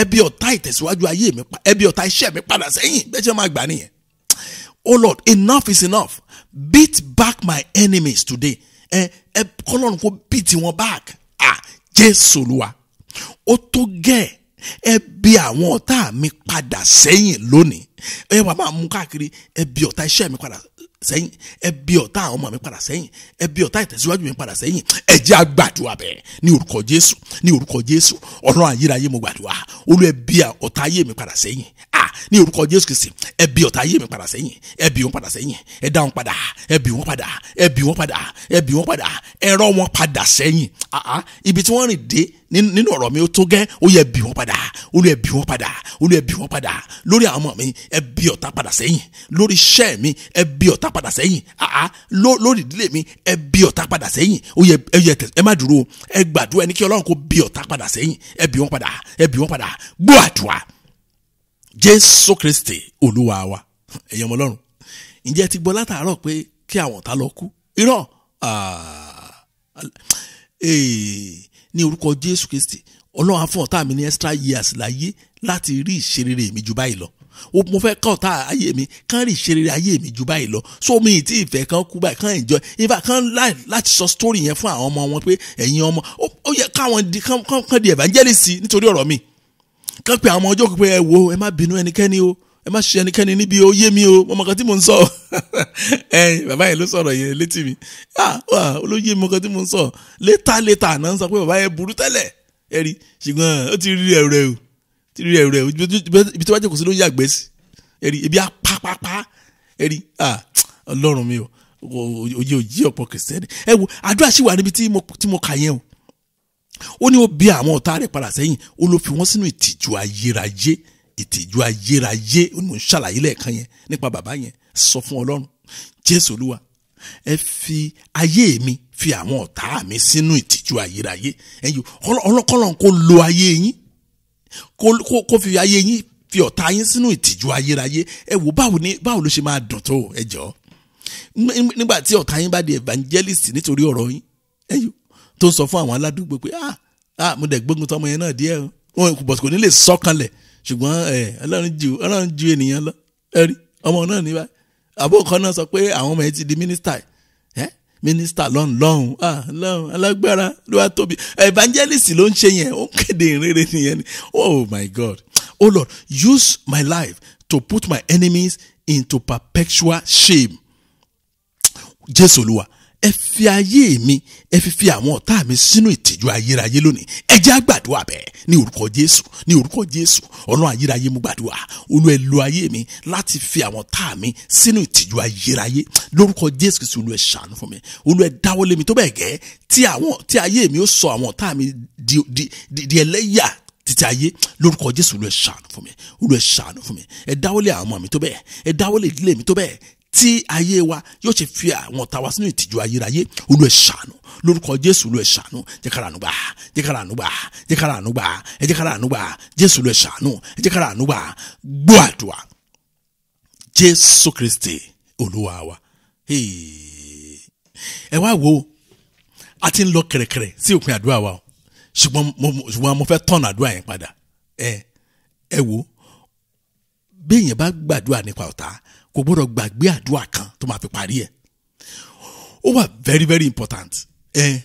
Speaker 1: ẹbí ọ̀tá ìtẹ̀síwájú ayé mi ẹbí ọ̀tá iṣẹ́ mi padà sẹ́yìn bẹ́ẹ̀ ṣe máa gbà nìyẹn oh lord enough is enough beat back my enemies today ẹ ẹ kọ́lọ́run ko beat wọn back ah jésù olúwa ó tó gẹ́ẹ̀ ẹ bí àwọn ọ̀tá mi padà sẹ́yìn lónìí ẹ wà máa mú káàkiri ẹ bí ọ̀tá iṣẹ́ mi padà sẹ́yìn ẹ bí ọ̀tá àwọn ọmọ mi padà sẹ́yìn ẹ bí ọ̀tá ìtẹ̀síwájú mi padà sẹ́yìn ẹ jẹ́ a gbàdúrà bẹ́ẹ̀ ní orúkọ Jésù ní orúkọ Jésù ọ̀rọ̀ ayérayé mo gbàdúrà olú ẹ bí ọ̀tá ayé mi padà sẹ́yìn à ní orúkọ Jésù Kristi ẹ bí ọ̀tá ayé mi padà sẹ́yìn ẹ bí wọn padà sẹ́yìn ẹ dá wọn padà ẹ wọn padà ẹ wọn padà ẹ wọn padà ẹ wọn padà sẹ́yìn ibi tí wọ́n rìn dé nínú ọ̀rọ̀ mi ó tó gẹ́ ó yẹ bí wọn padà olú ẹ bí wọn padà olú ẹ bí wọn padà lórí àwọn ọmọ mi ẹ bí ọ̀tá padà sẹ́yìn lórí iṣẹ́ mi ẹ bí ọ̀tá padà sẹ́yìn lórí ìdílé mi ẹ bí ọ̀tá padà sẹ́yìn ó yẹ ẹ yẹ ẹ má dúró ẹ gbàdúrà ẹni kí ọlọ́run kó bí ọ̀tá padà sẹ́yìn ẹ bí wọn padà ẹ bí wọn padà gbọ́ àdúrà jésù kristi olúwa wa ẹ̀yẹ́ ọmọ ǹjẹ́ ti gbọ́ látàárọ̀ pé kí àwọn ọ̀tá lọ kú irọ́ eh, ní orúkọ jésù kristi ọlọ́run fún ọ̀tá mi ní extra years láyé láti rí ìṣerere mi ju báyìí lọ mo fẹ́ kọ́ ọ̀tá ayé mi kán rí ìṣerere ayé mi ju báyìí lọ so mi ìtì ìfẹ́ kan kú báyìí kán enjoy ifá kán láti sọ story yẹn fún àwọn ọmọ wọn pé ẹ̀yin ọmọ ó yẹ káwọn di kán di evangelist nítorí ọ̀rọ̀ mi kán pe àwọn ọmọ ọjọ́ pé ẹ wo ẹ má bínú ẹnikẹ́ni o ẹ má ṣe ẹnikẹ́ni níbi ó mi o ọmọ kan tí mò ń sọ [laughs] ẹ bàbá yẹn ló sọ̀rọ̀ yẹn létí mi wà olóyè ọmọ kan tí mò ń sọ létà létà àná ń sọ pé bàbá yẹn burú tẹ́lẹ̀ ẹ rí ṣùgbọ́n ó ti rí ẹ̀rù rẹ̀ o ti rí ẹ̀rù rẹ̀ o ibi tí wọ́n jẹ́ kò sí ló yàgbẹ́ sí ẹ rí ibi apápápá ẹ rí ọlọ́run mi o òye òye ọ̀pọ̀ kìrìsìtẹ́nì ẹ wo àdúrà sì wà níbi tí mo kà yẹn o ó ní ó bí àwọn ọ̀tá rẹ̀ padà sẹ́yìn ó ló fi wọ́n sínú ìtìjú ayérayé ìtìjú ayérayé ó ní mò ń ṣàlàyé lẹ́ẹ̀kan yẹn nípa bàbá yẹn sọ fún ọlọ́run jésù olúwa ẹ fi ayé mi fi àwọn ọ̀tá mi sínú ìtìjú ayérayé ẹ̀yin ọlọ́kọ́lọ́n kó lo ayé yín kó fi ayé yín fi ọ̀tá yín sínú ìtìjú ayérayé ẹ wò báwo ni báwo ló ṣe máa dùn tó ẹ jọ̀ọ́ nígbà tí ọ̀tá yín bá di evangelist nítorí ọ̀rọ̀ yín ẹ̀yin tó sọ fún àwọn aládùúgbò pé ah ah mo dẹ̀ gbógun tọmọ yẹn náà díẹ̀ wọn kò ní lè sọ́kanlẹ̀ ṣùgbọ́n ẹ ọlọ́run ju ọlọ́run ju ènìyàn lọ ẹ rí ọmọ náà ní báyìí àbókan náà sọ pé àwọn ọmọ yẹn ti di mínísítà ẹ mínísítà lọ́hùn lọ́hùn ah lọ́hùn alágbára ló wá tóbi evangelist ló ń ṣe yẹn ó ń kéde ìrere nìyẹn ni oh my god oh lord use my life to put my enemies into perpetual shame jésù olúwa ẹ fi ayé mi ẹ fi fi àwọn ọ̀tá mi sínú ìtìjú ayérayé lónìí ẹ jẹ́ àgbàdua bẹ́ẹ̀ ní orúkọ jésù ní orúkọ jésù ọ̀nà ayérayé mú gbàdúrà olúwa ayé mi láti fi àwọn ọ̀tá mi sínú ìtìjú ayérayé lórúkọ jésù kìí sí olúwa ṣàánú fún mi olúwa dáwọ́lé mi tó bẹ́ẹ̀ gẹ́ tí àwọn tí ayé mi ó sọ àwọn ọ̀tá mi di di di ẹlẹ́yà títí ayé lórúkọ jésù olúwa ṣàánú fún mi olúwa ṣàánú fún mi ẹ dáwọ́lé àwọn ọmọ mi tó bẹ́ẹ̀ ẹ dáwọ́lé ìdílé mi tó bẹ́ẹ̀ tí ayé wa yóò ṣe fi àwọn ọ̀tá wa sínú ìtìjú ayérayé olú ẹ̀ ṣàánú lórúkọ jésù olú ẹ̀ ṣàánú jẹ́kára ànúgbà jẹ́kára ànúgbà jẹ́kára ànúgbà ẹ jẹ́kára ànúgbà jésù olú ẹ̀ ṣàánú ẹ jẹ́kára ànúgbà gbọ́ àdúrà jésù kristi olúwa wa ẹ wá wo a ti ń lọ kẹ̀rẹ̀kẹ̀rẹ̀ sí òpin àdúrà wa ṣùgbọ́n ṣùgbọ́n mo fẹ́ tọ́nà àdúrà yẹn padà ẹ ẹ wo béèyàn bá gbàdúrà nípa ọ̀tá kò gbọ́dọ̀ gbàgbé àdúrà kan tó máa fi parí ẹ̀ ó wà very very important ẹ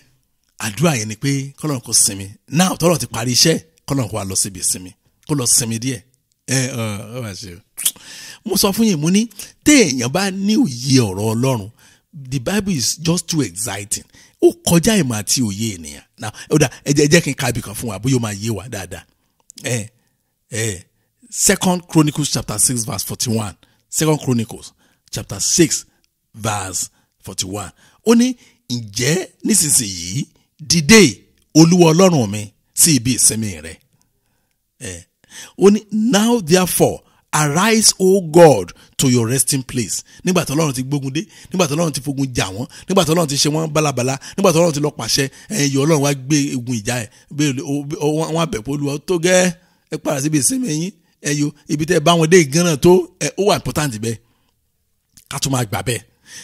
Speaker 1: àdúrà yẹn ni pé kọ́lọ́n kò sinmi náà tọ́lọ̀ ti parí iṣẹ́ kọ́lọ́n kò wá lọ síbi ìsinmi kó lọ sinmi díẹ̀ ẹ ọ ọ wá ṣe mo sọ fún yín mo ní téèyàn bá ní òye ọ̀rọ̀ Ọlọ́run the bible is just too exciting ó kọjá ìmọ̀ àti òye ènìyàn náà ó dà ẹ jẹ́ kí n ka ibì kan fún wa bóyá ó máa yé wa dáadáa ẹ ẹ second chronicles chapter six verse forty-one second chronicles chapter six verse forty one ó ní ǹjẹ́ nísinsìnyí dìde olúwa ọlọ́run mi sí ibi ìsinmi rẹ̀ ó ní now therefore arise o God to your resting place nígbà tí ọlọ́run ti gbógun dé nígbà tí ọlọ́run ti fogun jà wọ́n nígbà tí ọlọ́run ti ṣe wọ́n bálabàla nígbà tí ọlọ́run ti lọ pàṣẹ ẹ̀yìn ọlọ́run wá gbé egun ìjà ẹ̀ e, wọ́n abẹ̀pọ̀ olúwa tó gẹ́ ẹ padà síbi ìsinmi yín ẹ yo ibi tẹ́ ẹ bá wọn dé ìgànnà tó ẹ ó wà important bẹ́ẹ̀ ká tó máa gbà bẹ́ẹ̀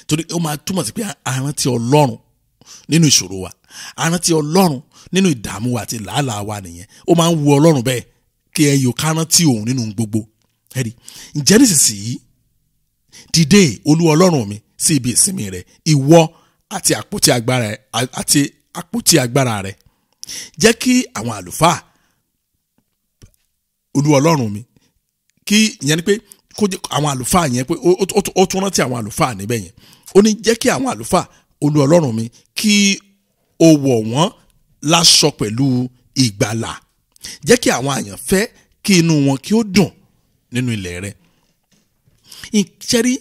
Speaker 1: torí ó máa túmọ̀ sí pé àrántí ọlọ́run nínú ìṣòro wa àrántí ọlọ́run nínú ìdààmú wa àti làálàá wa nìyẹn ó máa ń wu ọlọ́run bẹ́ẹ̀ kí ẹ yòó kárántí òun nínú gbogbo ẹ̀rí ǹjẹ́ nísinsìnyí dìde olú ọlọ́run mi sí ibi ìsinmi rẹ ìwọ àti àpótí agbára rẹ àti àpótí agbára rẹ jẹ́ kí àwọn àlùfáà olúwa mi kí ìyẹn ni pé kó jẹ́ àwọn àlùfáà yẹn pé ó tún rántí àwọn àlùfáà níbẹ̀ yẹn ó ní jẹ́ kí àwọn àlùfáà olúwa mi kí o wọ̀ wọ́n láṣọ pẹ̀lú ìgbàlà jẹ́ kí àwọn àyànfẹ́ kí inú wọn kí ó dùn nínú ilẹ̀ rẹ̀ ìṣẹ́rí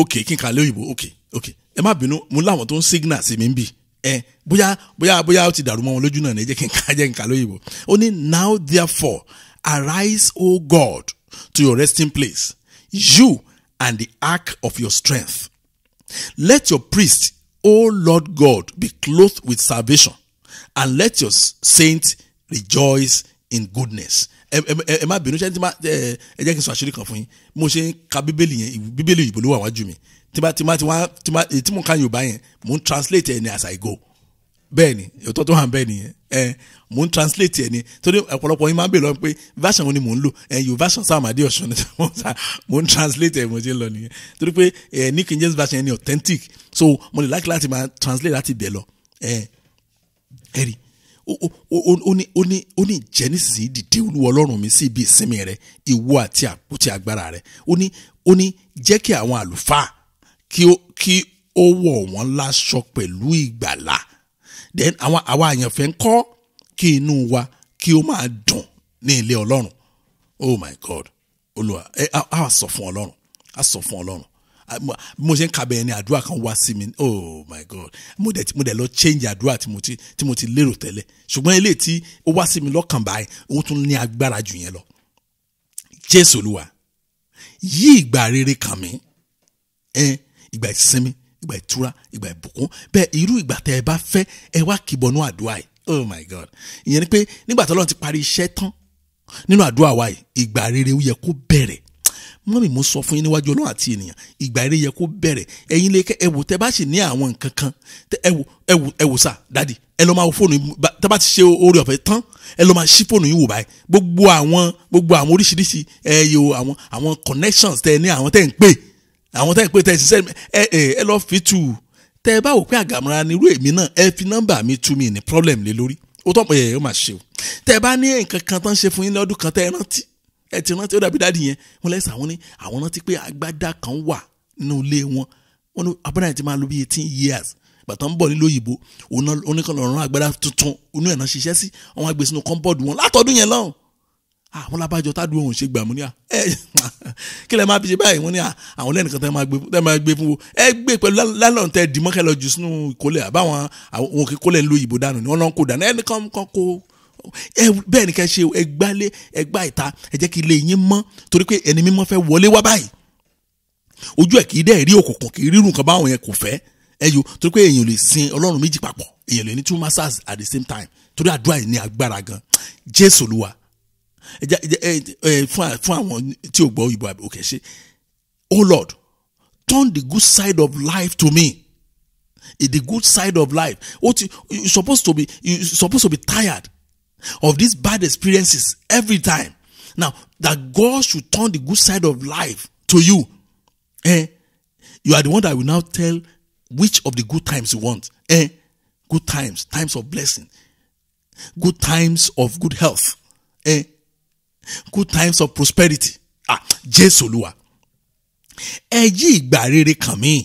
Speaker 1: òkè kí n kà òyìnbó òkè òkè ẹ má bínú mo láwọn tó ń signal sí mi ń bì ẹ eh, bóyá bóyá bóyá ó ti dàrú mọ́ wọn lójú náà ní jẹ́ kí n ká jẹ́ n kà lóyìnbó ó ní now therefore arise o God to your resting place you and the ark of your strength let your priest o Lord God be clothed with salvation and let your saints rejoice in goodness ẹ má bínú ṣe ní tí ma ẹ jẹ́ kí n sọ àṣírí kan fún yín mo ṣe ń ka bíbélì yẹn bíbélì òyìnbó ló wà wájú mi tí ma tí ma tí ma tí ma tí mo ka yorùbá yẹn mo ń translate ẹ ní as I go bẹ́ẹ̀ ni òtọ́ tó hàn bẹ́ẹ̀ ni ẹ mo ń translate ẹ ní torí ọ̀pọ̀lọpọ̀ yín máa ń bèèrè lọ́wọ́ pé version wo ni mò ń lò ẹ yorùbá version Sam Adéọ̀ṣun ni mo ń translate ẹ mo ti ń lọ nìyẹn torí pé ẹ ní King James version yẹn ni authentic so mo lè láti láti máa translate láti bẹ̀ lọ ẹ ẹ rí ó ní jẹ́ nísinsìnyí dìde olúwa ọlọ́run mi sí ibi ìsinmi rẹ ìwọ àti àpótí agbára rẹ ó ní ó ní jẹ́ kí àwọn àlùfáà kí ó wọ̀ wọ́n láṣọ pẹ̀lú ìgbàlà then àwọn àwa àyànfẹ́ ń kọ́ kí inú wa kí ó máa dùn ní ilé ọlọ́run oh my god olúwa ẹ á sọ fún ọlọ́run á sọ fún ọlọ́run Ah, mo ṣe ń kà bẹ́ẹ̀ ni àdúrà kan wá sí mi oh my god mo dẹ̀ mo dẹ̀ lọ change àdúrà tí mo ti tí mo ti lérò tẹ́lẹ̀ ṣùgbọ́n eléyìí tí ó wá sí mi lọ́kàn báyìí òun tún ní agbára jù yẹn lọ jésù olúwa yí ìgbà rere kàn mí ìgbà ìsinmi ìgbà ìtura ìgbà ìbùkún bẹ́ẹ̀ irú ìgbà tẹ́ ẹ bá fẹ́ ẹ wá kìbọnú àdúrà yìí oh my god ìyẹn ni pé nígbà tí ọlọ́run ti parí iṣẹ́ tán nínú àdúrà wa yìí ìgbà rere yẹ kó bẹ̀rẹ̀ mọ́ mi mo sọ fún yín níwájú ọlọ́run àti ènìyàn ìgbà eré yẹ kó bẹ̀rẹ̀ ẹ̀yin lè kẹ́ ẹ wò tẹ́ bá sì ní àwọn nǹkan kan ẹ wò ẹ wò ẹ wò sà dádì ẹ lọ́ máa wo fóònù tẹ́ bá ti ṣe oore ọ̀fẹ́ tán ẹ lọ́ máa ṣí fóònù yín wò báyìí gbogbo àwọn gbogbo àwọn oríṣiríṣi ẹ yo àwọn àwọn connections tẹ́ ní àwọn tẹ́ ń pè àwọn tẹ́ ń pè tẹ́ ṣiṣẹ́ ẹ ẹ ẹ lọ́ fi tù tẹ́ ẹ bá wò pé àgàmọ́ra ni irú èmi náà ẹ fi nọ́mbà mi tú mi ní problem lé lórí ó tọ́ pé ẹ ó máa ṣe o tẹ́ ẹ bá ní nǹkan kan tán ṣe fún yín lọ́dún kan tẹ́ ẹ rántí ẹ ti rántí ó dàbí dáàdì yẹn wọn lẹ́sà wọn ni àwọn rántí pé agbádá kan wà nínú ilé wọn wọn ni abúlé yẹn máa lo bí eighteen years bàtà ń bọ̀ nílò òyìnbó oníkanlọ́run agbádá tuntun onú ẹ̀ náà ṣiṣẹ́ sí wọn á gbé sínú kọ́ńbọ̀dù wọn látọdún yẹn lọ́hùn àwọn labajọ tádùn òun ṣe gbà mú ní à [laughs] ẹ kí lẹ máa fi ṣe báyìí wọn ní à àwọn lẹ́nìkan tẹ́ máa gbé fún wo ẹ gbé pẹ̀lú lálọ́n tẹ́ dìmọ́kẹ́ lọ jù sínú ìkólẹ̀ àbáwọn àwọn òkè kólẹ̀ ń lo òyìnbó dànù ni wọ́n náà kó dànù ẹnìkan kan kó ẹ bẹ́ẹ̀ ni ká ṣe ẹ gbálé ẹ gbá ìta ẹ jẹ́ kí ilé yín mọ́ torí pé ẹni mímọ́ fẹ́ wọlé wá báyìí ojú ẹ̀ kì í dẹ́ rí òkùnkùn kì í rírun kan báwọn yẹn kò fẹ́ ẹ yo torí pé èèyàn lè sin ọlọ́run méjì papọ̀ èèyàn lè ní two masters at the same time torí àdúrà yìí ní agbára gan jésù olúwa ẹ jẹ́ ẹ ẹ fún àwọn tí ò gbọ́ ìbò òkè ṣe oh lord turn the good side of life to me the good side of life o ti you suppose to be you suppose to be tired of these bad experiences every time. Now, that God should turn the good side of life to you. Eh? You are the one that will now tell which of the good times you want. Eh? Good times, times of blessing, good times of good health, eh? good times of prosperity. Ah, Jesus Olúwa. Ẹ ìgbà rere kàn mí.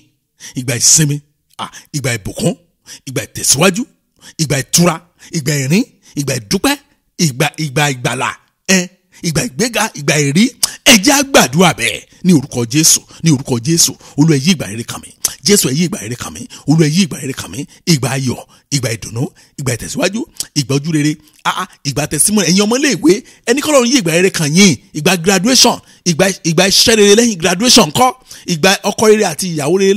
Speaker 1: Ìgbà ìsinmi, ah, ìgbà ìbùkún, ìgbà ìtẹ̀síwájú, ìgbà ìtura, ìgbà ìrìn, ìgbà ìdúpẹ́ ìgbà ìgbà ìgbàlà ẹ ìgbà ìgbéga ìgbà ìrí ẹ jẹ́ á gbàdúrà bẹ́ẹ̀ ní orúkọ jésù ní orúkọ jésù olú ẹ yí ìgbà rere kàn mí jésù ẹ yí ìgbà rere kàn mí olú ẹ yí ìgbà rere kàn ìgbà ayọ̀ ìgbà ìdùnnú ìgbà ìtẹ̀síwájú ìgbà ojú rere ah ìgbà tẹ̀símọ́ni ẹ̀yin ọmọléèwé ẹni kọ́ lọ́run yí ìgbà rere kàn yín ìgbà graduation ìgbà ìgbà iṣẹ́ rere lẹ́yìn graduation ńkọ́ ìgbà ọkọ rere àti ìyàwó rere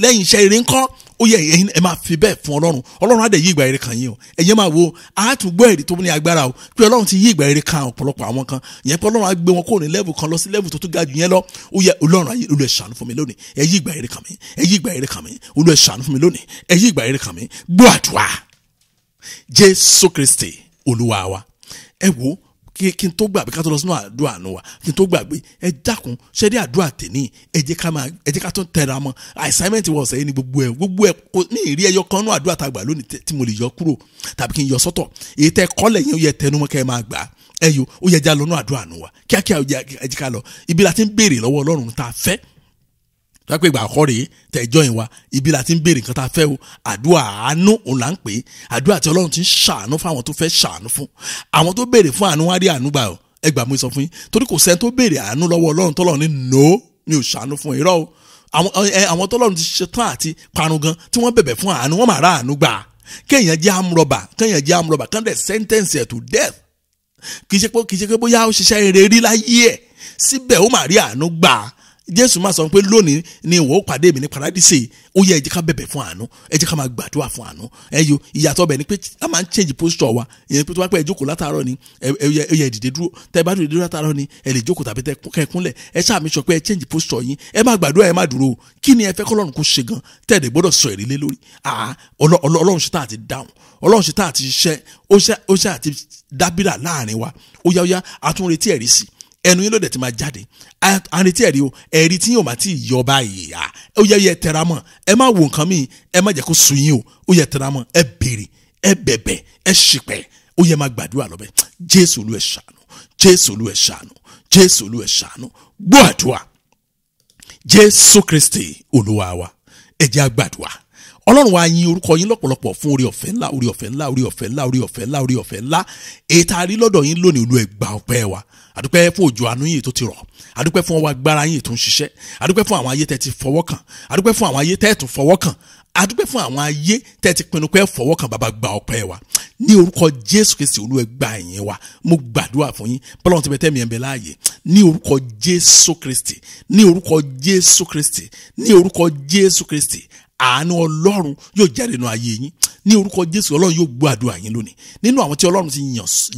Speaker 1: lẹ́yìn iṣẹ́ rere ńkọ́ ó yẹ ẹ̀yin ẹ máa fi bẹ́ẹ̀ fún ọlọ́run ọlọ́run á dẹ̀ yí ìgbà rere kan yín o ẹ̀yin máa wo àátúgbọ́ ẹ̀rí tó ní agbára o pé ọlọ́run ti yí ìgbà rere kan ọ̀pọ̀lọpọ̀ àwọn kan ìyẹn pé ọlọ́run á gbé wọn kúrò ní lẹ́vù kan lọ sí lẹ́vù tó tún ga jù yẹn lọ ó yẹ ọlọ́run ayé olú ẹ̀ ṣàánú fún mi lónìí ẹ yí ìgbà rere kan mi ẹ yí ìgbà rere kan mi olú ẹ̀ ṣàánú fún mi lónìí ẹ yí ìgbà rere kan mi gbọ́ àdúrà Jésù Kristi olúwa wa ẹ wo kí n tó gbàgbé ká tó lọ sínú àdúrà nu wa kí n tó gbàgbé ẹ dákun ṣe dé àdúrà tèmi ẹ jẹ́ ká máa ẹ jẹ́ ká tó ń tẹra mọ́ assignment wọ̀ sẹ́yìn ní gbogbo ẹ gbogbo ẹ kò ní ìrí ẹyọ kan nú àdúrà tá a gbà lónìí tí mo lè yọ kúrò tàbí kí n yọ sọ́tọ̀ èyí tẹ́ kọ́lẹ̀ yẹn ó yẹ tẹnumọ́ kẹ́ ẹ máa gbà á ẹyọ ó yẹ já lọ nú àdúrà nu wa kíákíá ẹ jẹ́ ká lọ ibi la ti ń béèrè lọ́wọ́ Ọlọ́run tá a fẹ́ tọ́pẹ́ ìgbà àkọ́ rèé tẹ̀jọ́ yìí wa ibi la ti ń béèrè nǹkan tá a fẹ́ o àdúrà àánú òun là ń pè é àdúrà tí ọlọ́run ti ń ṣàánú fún àwọn tó fẹ́ ṣàánú fún àwọn tó béèrè fún àánú wá rí àánú gbà o ẹ gbà mú sọ fún yín torí kò sẹ́ni tó béèrè àánú lọ́wọ́ ọlọ́run tọ́lọ́run ní no mi ò ṣàánú fún irọ́ o àwọn tọ́lọ́run ti ṣetán àti parun gan tí wọ́n bẹ̀bẹ̀ fún àánú wọ́n máa rá to death kì í ṣe pé bóyá ó ṣiṣẹ́ rere rí láyé àánú gbà jésù máa sọ pé lónìí ni ìwọ ó pàdé mi ní paradíṣe ó yẹ ẹ jẹ́ ká bẹ̀bẹ̀ fún àánú ẹ ká máa gbàdúrà fún àánú ẹyọ ìyàtọ̀ bẹ̀ ni pé a máa ń change posture wa ìyẹn pé tó bá pẹ́ ẹ jókòó látàárọ̀ ni ẹ yẹ dìde dúró tẹ́ ẹ bá dìde dúró látàárọ̀ ni ẹ lè jókòó tàbí tẹ́ ẹ kúnlẹ̀ ẹ ṣàmì sọ pé ẹ change posture yín ẹ máa gbàdúrà ẹ máa dúró kí ni ẹ fẹ́ kọ́lọ́run kó ṣe gan tẹ́ ẹ dẹ̀ gbọ́dọ̀ sọ ẹ̀rí lé lórí ọlọ́run ṣe tá wa ó yá ó yá àtúnretí ẹ̀rí ẹnu yín ló dẹ̀ ti máa jáde àrètí ẹ̀rí o ẹ̀rí tí yóò máa ti yọ báyìí à ó yẹ yẹ tẹra mọ́ ẹ má wo nǹkan míì ẹ má jẹ́ kó sú yín o ó yẹ tẹra mọ́ ẹ béèrè ẹ bẹ̀bẹ̀ ẹ ṣìpẹ̀ ó yẹ máa gbàdúrà lọ́bẹ̀ jésù olú ẹ̀ ṣàánú jésù olú ẹ̀ ṣàánú jésù olú ẹ̀ ṣàánú gbọ́ àdúrà jésù kristi olúwa wa ẹ jẹ́ àgbàdúrà ọlọ́run wa yin orúkọ yín lọ́pọ̀lọpọ̀ fún orí ọ̀fẹ́ ńlá orí ọ̀fẹ́ ńlá orí ọ̀fẹ́ ńlá orí ọ̀fẹ́ ńlá orí ọ̀fẹ́ ńlá èyí tá lọ́dọ̀ yín lónìí olú ẹgbà ọpẹ́ wa àdúpẹ́ fún òjò àánú yìí tó ti rọ̀ àdúpẹ́ fún ọwọ́ agbára yìí tó ń ṣiṣẹ́ àdúpẹ́ fún àwọn ayé tẹ́ ti fọwọ́ kàn àdúpẹ́ fún àwọn ayé tẹ́ tún fọwọ́ kàn àdúpẹ́ fún àwọn ayé tẹ́ ti pinnu pé fọwọ́ kan bàbá gba ọpẹ́ wa ní orúkọ jésù kristi olú ẹ gba wa mo gbàdúrà fún yín bọ́lá ti bẹ tẹ́ mi ẹ̀ ń bẹ láàyè ní orúkọ jésù kristi ní orúkọ jésù kristi ní orúkọ jésù kristi àánú ọlọ́run yóò jáde nínú ayé yín ní orúkọ jésù ọlọ́run yóò gbọ́ àdúrà yín lónìí nínú àwọn tí ọlọ́run ti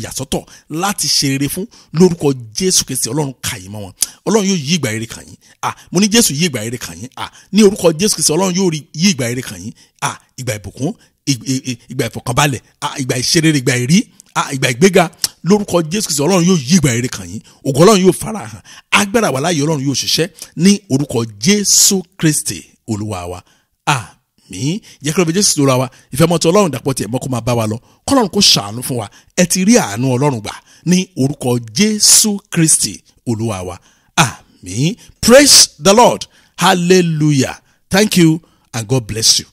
Speaker 1: yà sọ́tọ̀ láti ṣe rere fún lórúkọ jésù kristi ọlọ́run kà yín mọ́ wọn ọlọ́run yóò yí ìgbà rere kàn yín à mo ní jésù yí ìgbà rere kàn yín à ní orúkọ jésù kristi ọlọ́run yóò yí ìgbà rere kàn yín à ìgbà ìbùkún ìgbà ìfọ̀kànbalẹ̀ à ìgbà ìṣerere ìgbà ìrí à ìgbà ìgbéga lórúkọ jésù kristu ọlọ́run yóò yí ìgbà rere kàn yín ògo ọlọ́run yóò farahàn agbára wà ọlọ́run yóò ṣiṣẹ́ ní orúkọ jésù kristi olúwa wa àmì jẹ́ kí ló fi jésù lóra wa ìfẹ́ mọ́tò ọlọ́run dàpọ̀ tiẹ̀ mọ́ kó máa bá wa lọ kọ́lọ́run kó ṣàánú fún wa ẹ ti rí àánú ọlọ́run gbà ní orúkọ jésù kristi olúwa wa àmì praise the lord hallelujah thank you and god bless you.